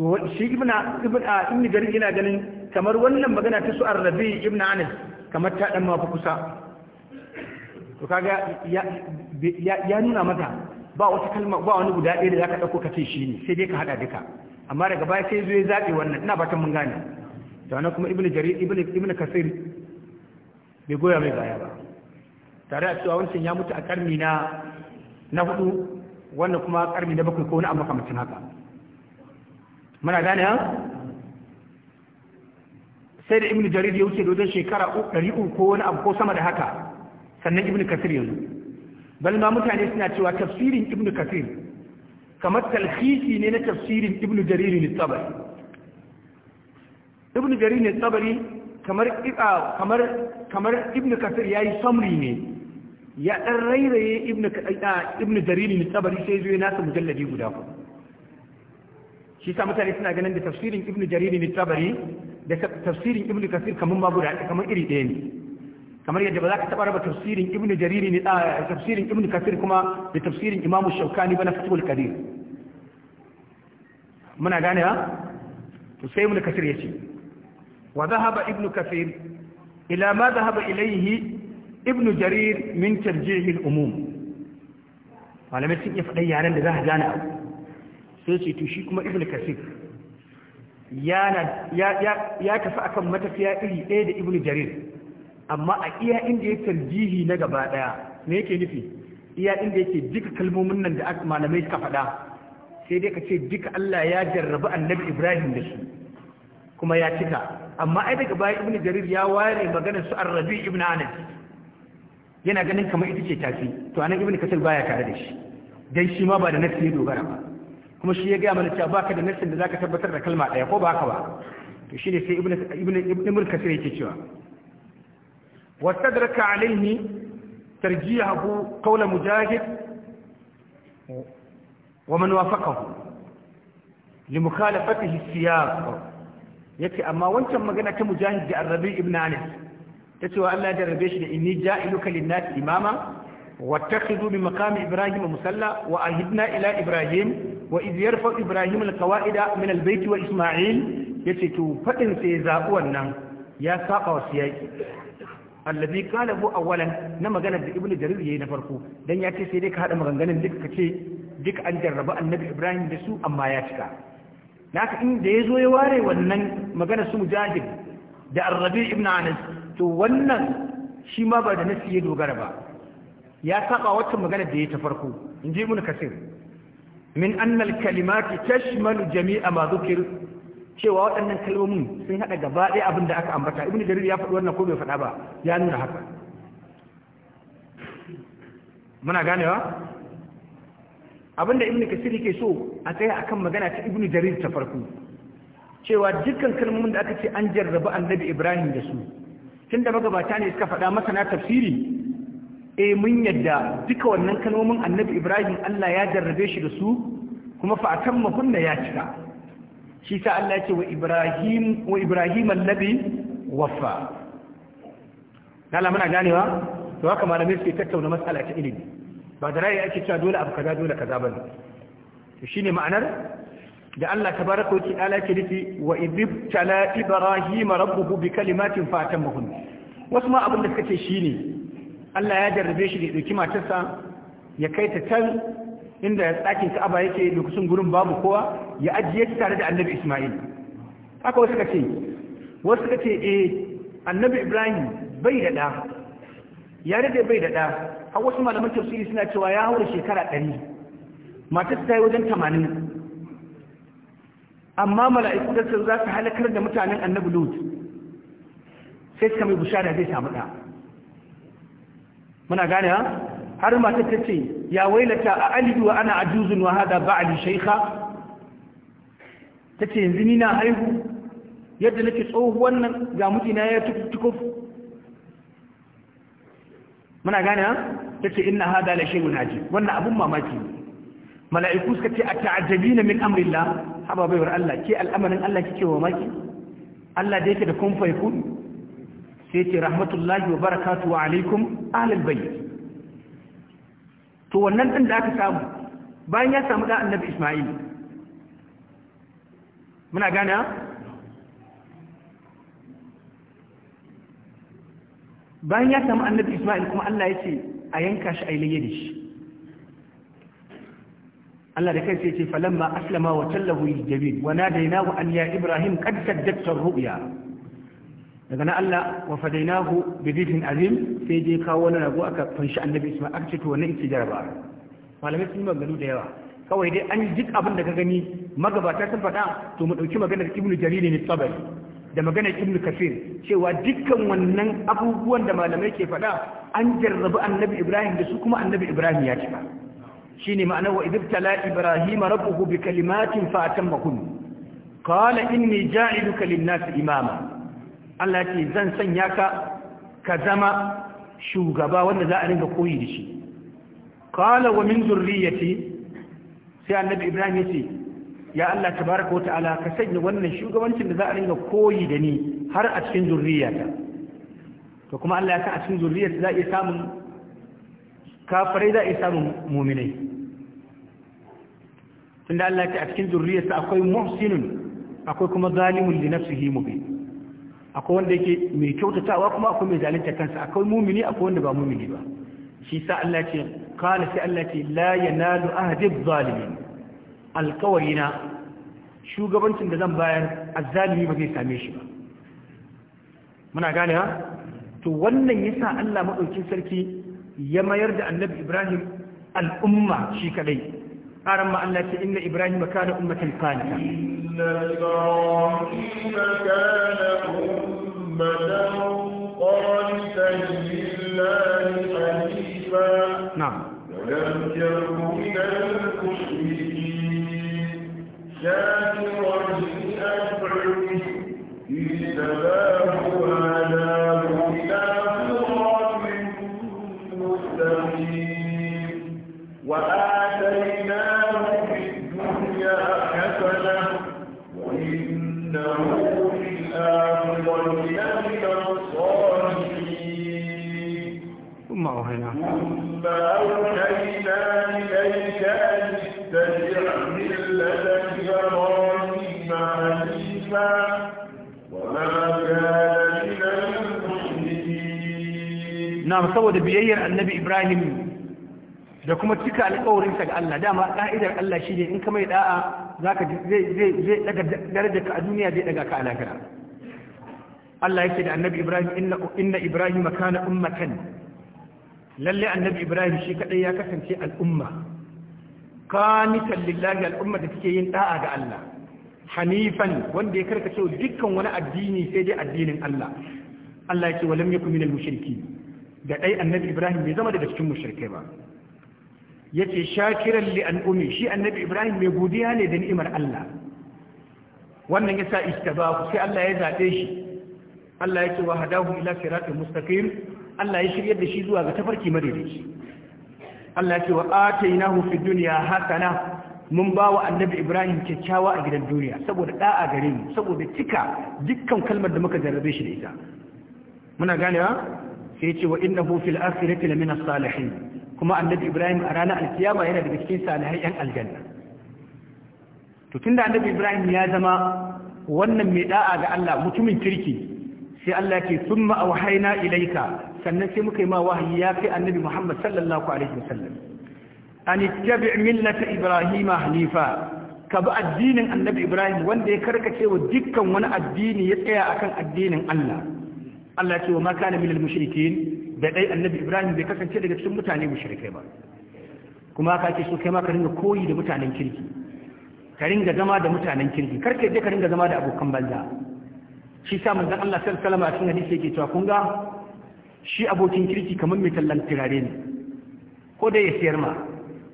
to shi ibn ibn gari ina ganin kamar wannan magana ta su arrabi ibn anas kamar ta dan mafi kusa to kaga ya nuna mata ba wata kalma ba wani guda ɗaya da zaka dauko ka ce ne sai dai ka hada duka amma daga baya sai zo ya zabe wannan ina fatan mun gane to anan kuma ibn jarir ibn ibn kasir bai goya mai baya ba tare da cewa wancan ya mutu a karni na na hudu wannan kuma karni na bakwai ko wani abu kamar haka muna gane ha sai da ibn jarir ya wuce dodon shekara 300 ko wani abu ko sama da haka sannan ibn kasir yanzu bal ma mutane suna cewa tafsirin ibn kasir kamar talhisi ne na tafsirin ibn jarir ne tabari ibn jarir ne tabari kamar kamar kamar ibn kasir yayi samri ne ya dan rairaye ibn ibn jarir ne tabari sai zuwa nasu mujalladi guda ku shi sa mutane suna ganin da tafsirin ibnu jarir ne tabari da tafsirin ibnu kasir kaman babu da kaman iri ɗaya ne kamar yadda ba za ka taɓa raba tafsirin ibnu jarir ne tafsirin ibnu kasir kuma da tafsirin imamu shaukani ba na fatul kadir muna gane ha to sai ibnu kasir yace wa dhahaba ibnu kasir ila ma dhahaba ilayhi ibnu jarir min tarjih al-umum malamai sun yi faɗa yaren da za ka gane abu sai ce to shi kuma ibn kasir ya tafi akan matafiya iri ɗaya da ibn jarir amma a iya inda ya tarjihi na gaba ɗaya me yake nufi iya inda yake duka kalmomin nan da malamai suka faɗa sai dai ka ce duka Allah ya jarrabi annabi Ibrahim da su kuma ya cika amma ai daga baya ibn jarir ya ware maganar su arrabi ibn anas yana ganin kamar ita ce tafi to anan ibn kasir baya tare da shi dan shi ma ba da nafsi ya dogara ba kuma shi ya gaya mana cewa baka da nassin da zaka tabbatar da kalma ɗaya ko baka ba to shine sai ibnu ibnu ibnu kasir yake cewa واستدرك عليه ترجيحه قول مجاهد ومن وافقه لمخالفته السياق yake amma wancan magana ta mujahid da arabi ibn anas ta wa Allah ya rabe shi da inni ja'iluka lin imama wattakhidhu min maqami ibrahim musalla wa ahidna ila ibrahim wa iz yarfa ibrahim alqawaida min albayt wa isma'il yace to fadin sai zabu wannan ya saba wa siyaki allazi qala bu awwalan na magana da ibnu jarir yayi na farko dan ya ce sai dai ka hada maganganun ka kace duk an jarraba annabi ibrahim da su amma ya cika naka in da yazo ya ware wannan magana su mujahid da arrabi ibn anas to wannan shi ma ba da nasi ya dogara ba ya saba wata magana da ya ta farko in ji ibnu kasir min annal kalimati tashmalu jami'a ma dhukir cewa waɗannan kalmomin sun haɗa gaba ɗaya abin da aka ambata ibnu jarir ya faɗi wannan ko bai faɗa ba ya nuna haka muna ganewa abin da ibnu kasir ke so a tsaya akan magana ta ibnu jarir ta farko cewa dukkan kalmomin da aka ce an jarraba annabi ibrahim da su tunda magabata ne suka faɗa masana tafsiri eh mun yadda duka wannan kalmomin annabi ibrahim allah ya jarrabe shi da su kuma fa akan mahunna ya cika shi sa allah ya ce wa ibrahim wa ibrahim allabi waffa lala muna ganewa to haka malamai suke tattauna matsala ta ilimi ba da ra'ayi ake cewa dole abu kaza dole kaza bane to shine ma'anar da Allah tabaraka wa ta'ala yake nufi wa idib tala ibrahima rabbuhu bi kalimatin fa atammahun wasu ma abin da suka ce shine Allah ya jarrabe shi da ɗauki matarsa ya kai ta can inda ɗakin ka'aba yake lokacin gurin babu kowa ya ajiye ta tare da annabi Ismail haka wasu kace wasu kace eh annabi Ibrahim bai da ɗa ya rage bai da ɗa a wasu malaman tafsiri suna cewa ya haura shekara ɗari matarsa ta yi wajen tamanin amma mala'iku da za su halakar da mutanen annabi Lut sai suka mai bushara zai samu ɗa muna gane ha har mata ta ce ya wailata a alidu ana ajuzun wa hada ba'ali shaikha ta ce yanzu ni na haihu yadda nake tsohuwan nan ga mijina ya tukuf muna gane ha ta ce inna hada la shay'un ajib wannan abun mamaki mala'iku suka ce a ata'ajabina min amrillah haba baiwar Allah ke al'amarin Allah kike mamaki Allah da yake da kun faikun sai ce rahmatullahi wa barakatu wa alaikum ahlul bayt to wannan din da aka samu bayan ya samu da annabi Isma'il muna gane bayan ya samu annabi Isma'il kuma Allah ya ce a yanka shi a ilayya da shi Allah da kansa ya ce falamma aslama wa tallahu lil jabin wa nadaynahu an ya ibrahim qad saddaqta ar-ru'ya daga na Allah wa fadainahu bi dhifin azim sai je kawo wani rago aka fanshi annabi Isma'il aka ce to wannan ita jaraba malamai sun maganganu da yawa kawai dai an duk abin da ka gani magabata sun faɗa to mu ɗauki maganar ibnu jarir ne da maganar ibnu kafir cewa dukkan wannan abubuwan da malamai ke faɗa an jarrabi annabi Ibrahim da su kuma annabi Ibrahim ya cika shine ma'anar wa idibtala Ibrahim rabbuhu bi kalimatin fa atammahun qala inni ja'iluka lin-nasi imama Allah ce zan sanya ka ka zama shugaba wanda za a ringa koyi da shi qala wa min zurriyyati sai annabi ibrahim ya ce ya Allah tabaraka wa ta'ala ka sanya wannan shugabancin da za a ringa koyi da ni har a cikin zurriyata to kuma Allah ya sa a cikin zurriyata za a iya kafirai za a iya samun muminai tunda Allah ya ce a cikin zurriyata akwai muhsinun akwai kuma zalimun li nafsihi mubin akwai wanda yake mai kyautatawa kuma akwai mai zalunta kansa akwai mumini akwai wanda ba mumini ba shi sa Allah ce kana sai Allah ce la yanalu ahadiz zalimin alqawlina shugabancin da zan bayar azzalimi ba zai same shi ba muna gane ha to wannan yasa Allah madaukin sarki ya mayar da Annabi Ibrahim al'umma shi kadai أرم ما إن إبراهيم كان أمة قانتة إن
إبراهيم كان أمة قانتة لله حنيفا نعم ولم يكن من المشركين شاكرا لأنعمه في تباهي
saboda biyayyar annabi Ibrahim da kuma cika alƙawarinsa ga Allah dama ka'idar Allah shi ne in ka mai da'a zaka zai zai zai daga darajar ka a duniya zai daga ka a lahira Allah yake da annabi Ibrahim inna inna Ibrahim kana ummatan lalle annabi Ibrahim shi kadai ya kasance al'umma qanitan lillahi al'umma da take yin da'a ga Allah hanifan wanda ya karkace dukkan wani addini sai dai addinin Allah Allah yake walam yakun minal mushrikin ga ɗai annabi ibrahim bai zama daga cikin mushrikai ba ya ce shakiran li an umi shi annabi ibrahim mai godiya ne da ni'imar allah wannan ya sa istabahu sai allah ya zaɓe shi allah ya ce wa hadahu ila siratin mustaqim allah ya shiryar da shi zuwa ga tafarki madaidaici allah ya ce wa atainahu fid dunya hakana mun ba wa annabi ibrahim kyakkyawa a gidan duniya saboda da'a gare mu saboda cika dukkan kalmar da muka jarrabe shi da ita muna ganewa sai ce wa innahu fil akhirati lamina salihin kuma annabi Ibrahim a ranar alkiyama yana daga cikin salihai yan aljanna to tunda annabi Ibrahim ya zama wannan mai da'a ga Allah mutumin kirki sai Allah ya ce summa awhayna ilayka sannan sai muka yi ma wahayi ya kai annabi Muhammad sallallahu alaihi wasallam an ittabi' millata ibrahima hanifa ka bi addinin annabi Ibrahim wanda ya karkace wa dukkan wani addini ya tsaya akan addinin Allah Allah ya ce wa ma kana minal mushrikin da dai annabi Ibrahim bai kasance daga cikin mutane mushrikai ba kuma ka ce so kai ma ka ringa koyi da mutanen kirki ka ringa zama da mutanen kirki karke je ka ringa zama da abokan banza shi sa manzon Allah sallallahu alaihi wasallam a yake cewa kun ga shi abokin kirki kamar mai tallan turare ne ko dai ya siyar ma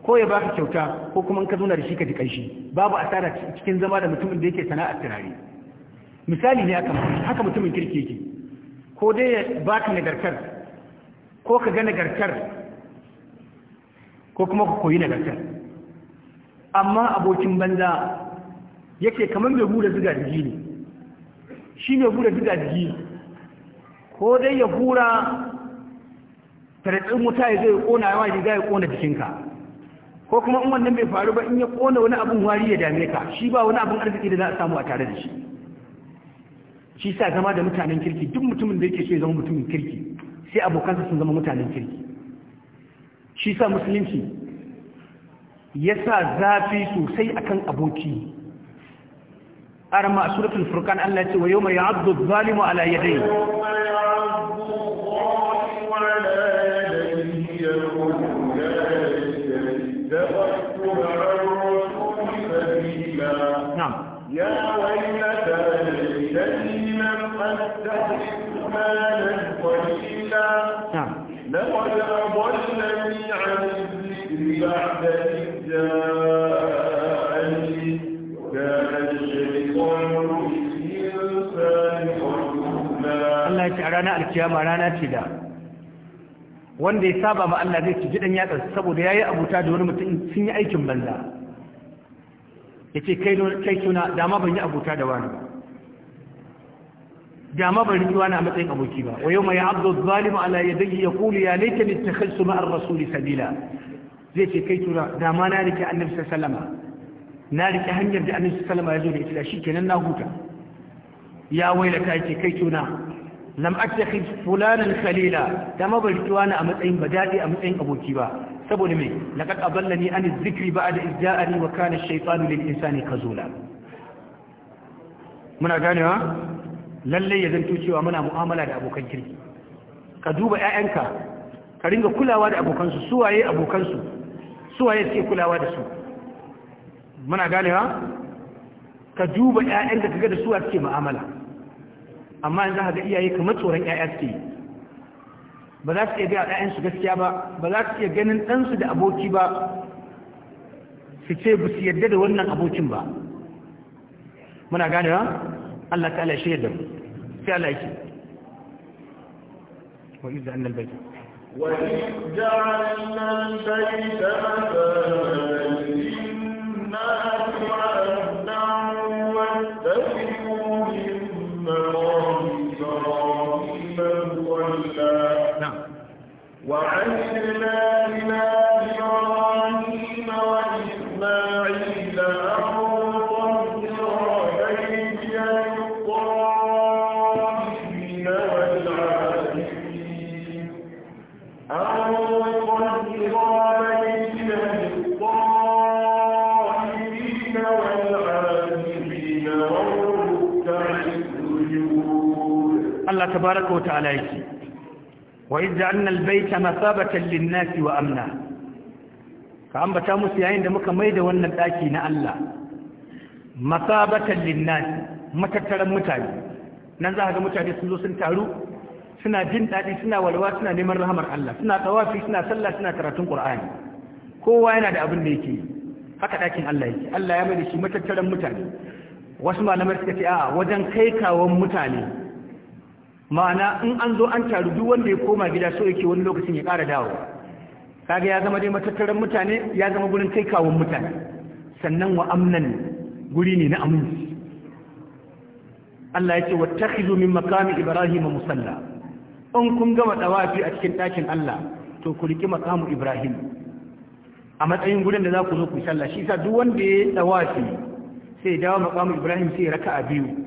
ko ya baka kyauta ko kuma in ka zauna da shi ka ji kanshi babu asara cikin zama da mutumin da yake sana'ar turare misali ne haka mutumin kirki yake ko dai ya ba ka nagartar ko ka ga nagartar ko kuma ka koyi nagartar amma abokin banza yake kamar mai hura ziga jiki ne shi mai hura ziga ji ko dai ya hura tarɗin wuta ya zai kona yawa ya zai kona jikinka ko kuma in wannan bai faru ba in ya kona wani abin wari ya dame ka shi ba wani abin arziki da za a samu a tare da shi shi sa zama da mutanen kirki duk mutumin da yake so ya zama mutumin kirki sai abokansa sun zama mutanen kirki shi sa musulunci ya sa zafi sosai akan aboki arma suratul furqan Allah ya ce wa yawma ya'addu adh-dhalimu ala yadayhi kiyama rana ce da wanda ya saba ma Allah zai ci gidan yatsar saboda yayi abuta da wani mutum sun yi aikin banza yace kai kai tuna dama ban yi abuta da wani ba da ban yi wani a matsayin aboki ba wa yawma ya'abdu adh-dhalimu ala yadayhi yaqulu ya laitani ittakhadhtu ma'a ar-rasuli sabila zai ce kai tuna dama na rike annabi sallama na rike hanyar da annabi sallama ya zo da ita shikenan na huta ya wailata yake kai tuna lam attakhid fulanan khalila dama bar tuwana a matsayin badadi a matsayin aboki ba saboda me laqad aballani an zikri ba'da izja'ani wa kana ash-shaytanu lil insani kazula muna ganewa lalle ya zanto cewa muna mu'amala da abokan kirki ka duba ƴaƴanka ka ringa kulawa da abokansu suwaye abokansu suwaye suke kulawa da su muna ganewa ka duba ƴaƴanka kaga da suwa suke mu'amala amma yanzu haka iyaye kamar tsoron ƴaƴa suke ba za su iya ga ƴaƴansu gaskiya ba ba za su iya ganin ɗansu da aboki ba su ce ba su yarda da wannan abokin ba muna gane ba Allah ta'ala ya yadda ba, mu sai Allah yake wa idza annal bayt wa idza
annal bayt
tabaraka wa ta'ala yake wa idza anna albayta masabatan wa amna ka ambata musu yayin da muka maida wannan daki na Allah masabatan lin matattaran mutane nan za ga mutane sun zo sun taru suna jin daɗi suna walwa suna neman rahmar Allah suna tawafi suna sallah suna karatun Qur'ani kowa yana da abin da yake yi haka ɗakin Allah yake Allah ya mai da shi matattaran mutane wasu malamai suka ce a wajen kai kawon mutane ma'ana in an zo an taru duk wanda ya koma gida so yake wani lokacin ya ƙara dawo kaga ya zama dai matattaran mutane ya zama gurin kai kawon mutane sannan wa amnan guri ne na aminci Allah ya ce takhizu min maqami ibrahim musalla in kun gama dawafi a cikin ɗakin Allah to ku riki maqamu ibrahim a matsayin gurin da za ku zo ku sallah shi yasa duk wanda ya dawafi sai ya dawo maqamu ibrahim sai ya raka'a biyu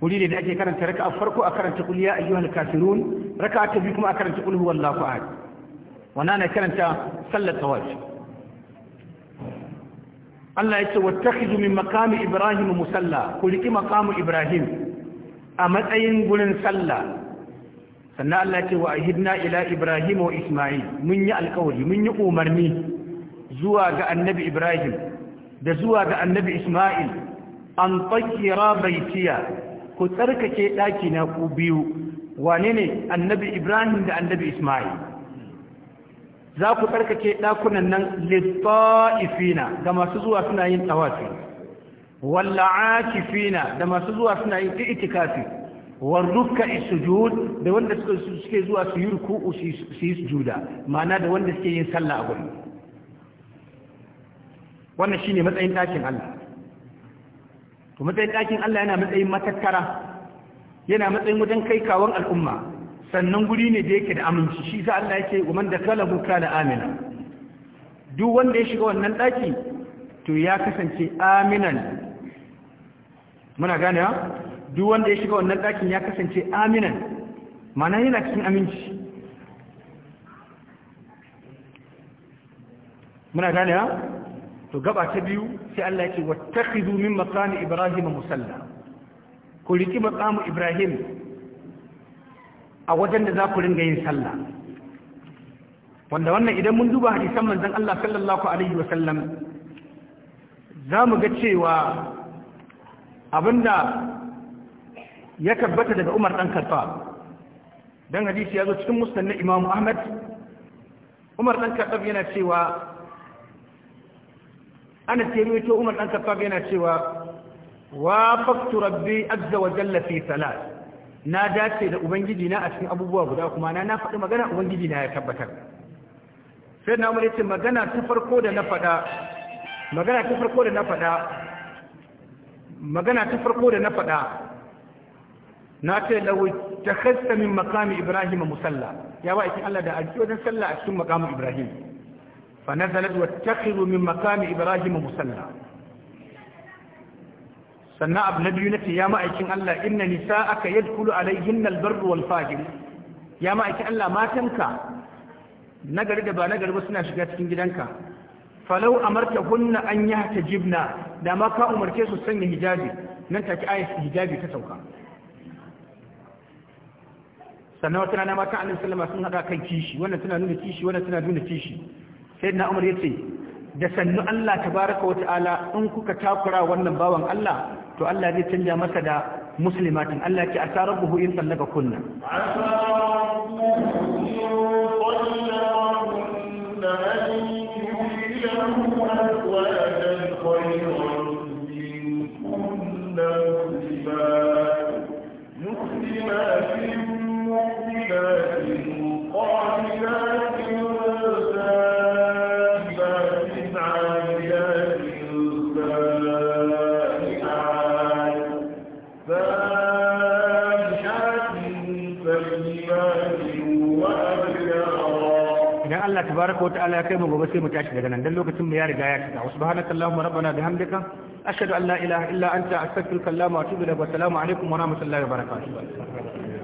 wuri ne da ake karanta raka a farko a karanta kul ya ayyuhal kafirun raka ta biyu kuma a karanta kul huwallahu ahad wannan ne karanta sallar tawafi Allah ya ce wattakhidhu min maqami ibrahim musalla ku riki maqamu ibrahim a matsayin gurin sallah sannan Allah ya ce wa ahidna ila ibrahim wa isma'il mun yi alƙawari mun yi umarni zuwa ga annabi ibrahim da zuwa ga annabi isma'il an tsakira baitiya ku tsarkake ɗaki na ku biyu wane ne annabi ibrahim da annabi ismail za ku tsarkake ɗakunan nan littafina da masu zuwa suna yin tawafi walla'akifina da masu zuwa suna yin itikafi warruka isujud da wanda suke zuwa su yi ruku'u su yi sujuda ma'ana da wanda suke yin sallah a gudu wannan shine matsayin ɗakin Allah to matsayin ɗakin Allah yana matsayin matakkara yana matsayin wajen kai kawon al'umma sannan guri ne da yake da aminci shi sa Allah yake wa man dakalahu kana amina duk wanda ya shiga wannan ɗaki to ya kasance aminan muna gane ha duk wanda ya shiga wannan ɗakin ya kasance aminan mana yana cikin aminci muna gane ha to gaba ta biyu sai Allah ya ce wattakhidhu min maqami ibrahim musalla ku riki maqamu ibrahim a wajen da za ku ringa yin sallah wanda wannan idan mun duba hadisan manzon Allah sallallahu alaihi sallam za mu ga cewa abinda ya tabbata daga Umar dan Khattab dan hadisi ya zo cikin musnad Imam Ahmad Umar dan Khattab yana cewa ana ce ruwaito umar dan khattab yana cewa wafaqtu rabbi azza wa jalla fi salat na dace da ubangiji na a cikin abubuwa guda kuma na na faɗi magana ubangiji na ya tabbatar sai na umar yace magana ta farko da na faɗa magana ta farko da na faɗa magana ta farko da na faɗa na ce lawi ta khasta min makami ibrahim musalla ya ba ikin Allah da aji wajen sallah a cikin makamin ibrahim فنزلت واتخذوا من مقام إبراهيم مسلى sannan abu na biyu ce ya ma'aikin Allah inna nisa aka yadkulu alaihin nalbar ruwan ya ma'aikin Allah matanka nagari da ba nagari ba suna shiga cikin gidanka falau amarta hunna an yi hata jibna da ma ka umarce su sanya hijabi nan take ayat hijabi ta sauka sannan wata rana mata sallama sun kan kishi wannan nuna kishi wannan nuna kishi sai na umar ya ce da sannu Allah ta baraka tabaraka wata'ala in kuka takura wannan bawan Allah to Allah zai canja masa da muslimatin Allah a ce buhu in sallaka kunna tabaraka wa ta'ala ya kai mu gobe sai mu tashi daga nan dan lokacin mu ya riga ya cika subhanaka allahumma rabbana bihamdika ashhadu an la ilaha illa anta astaghfiruka wa atubu ilaik wa assalamu alaikum wa rahmatullahi wa
barakatuh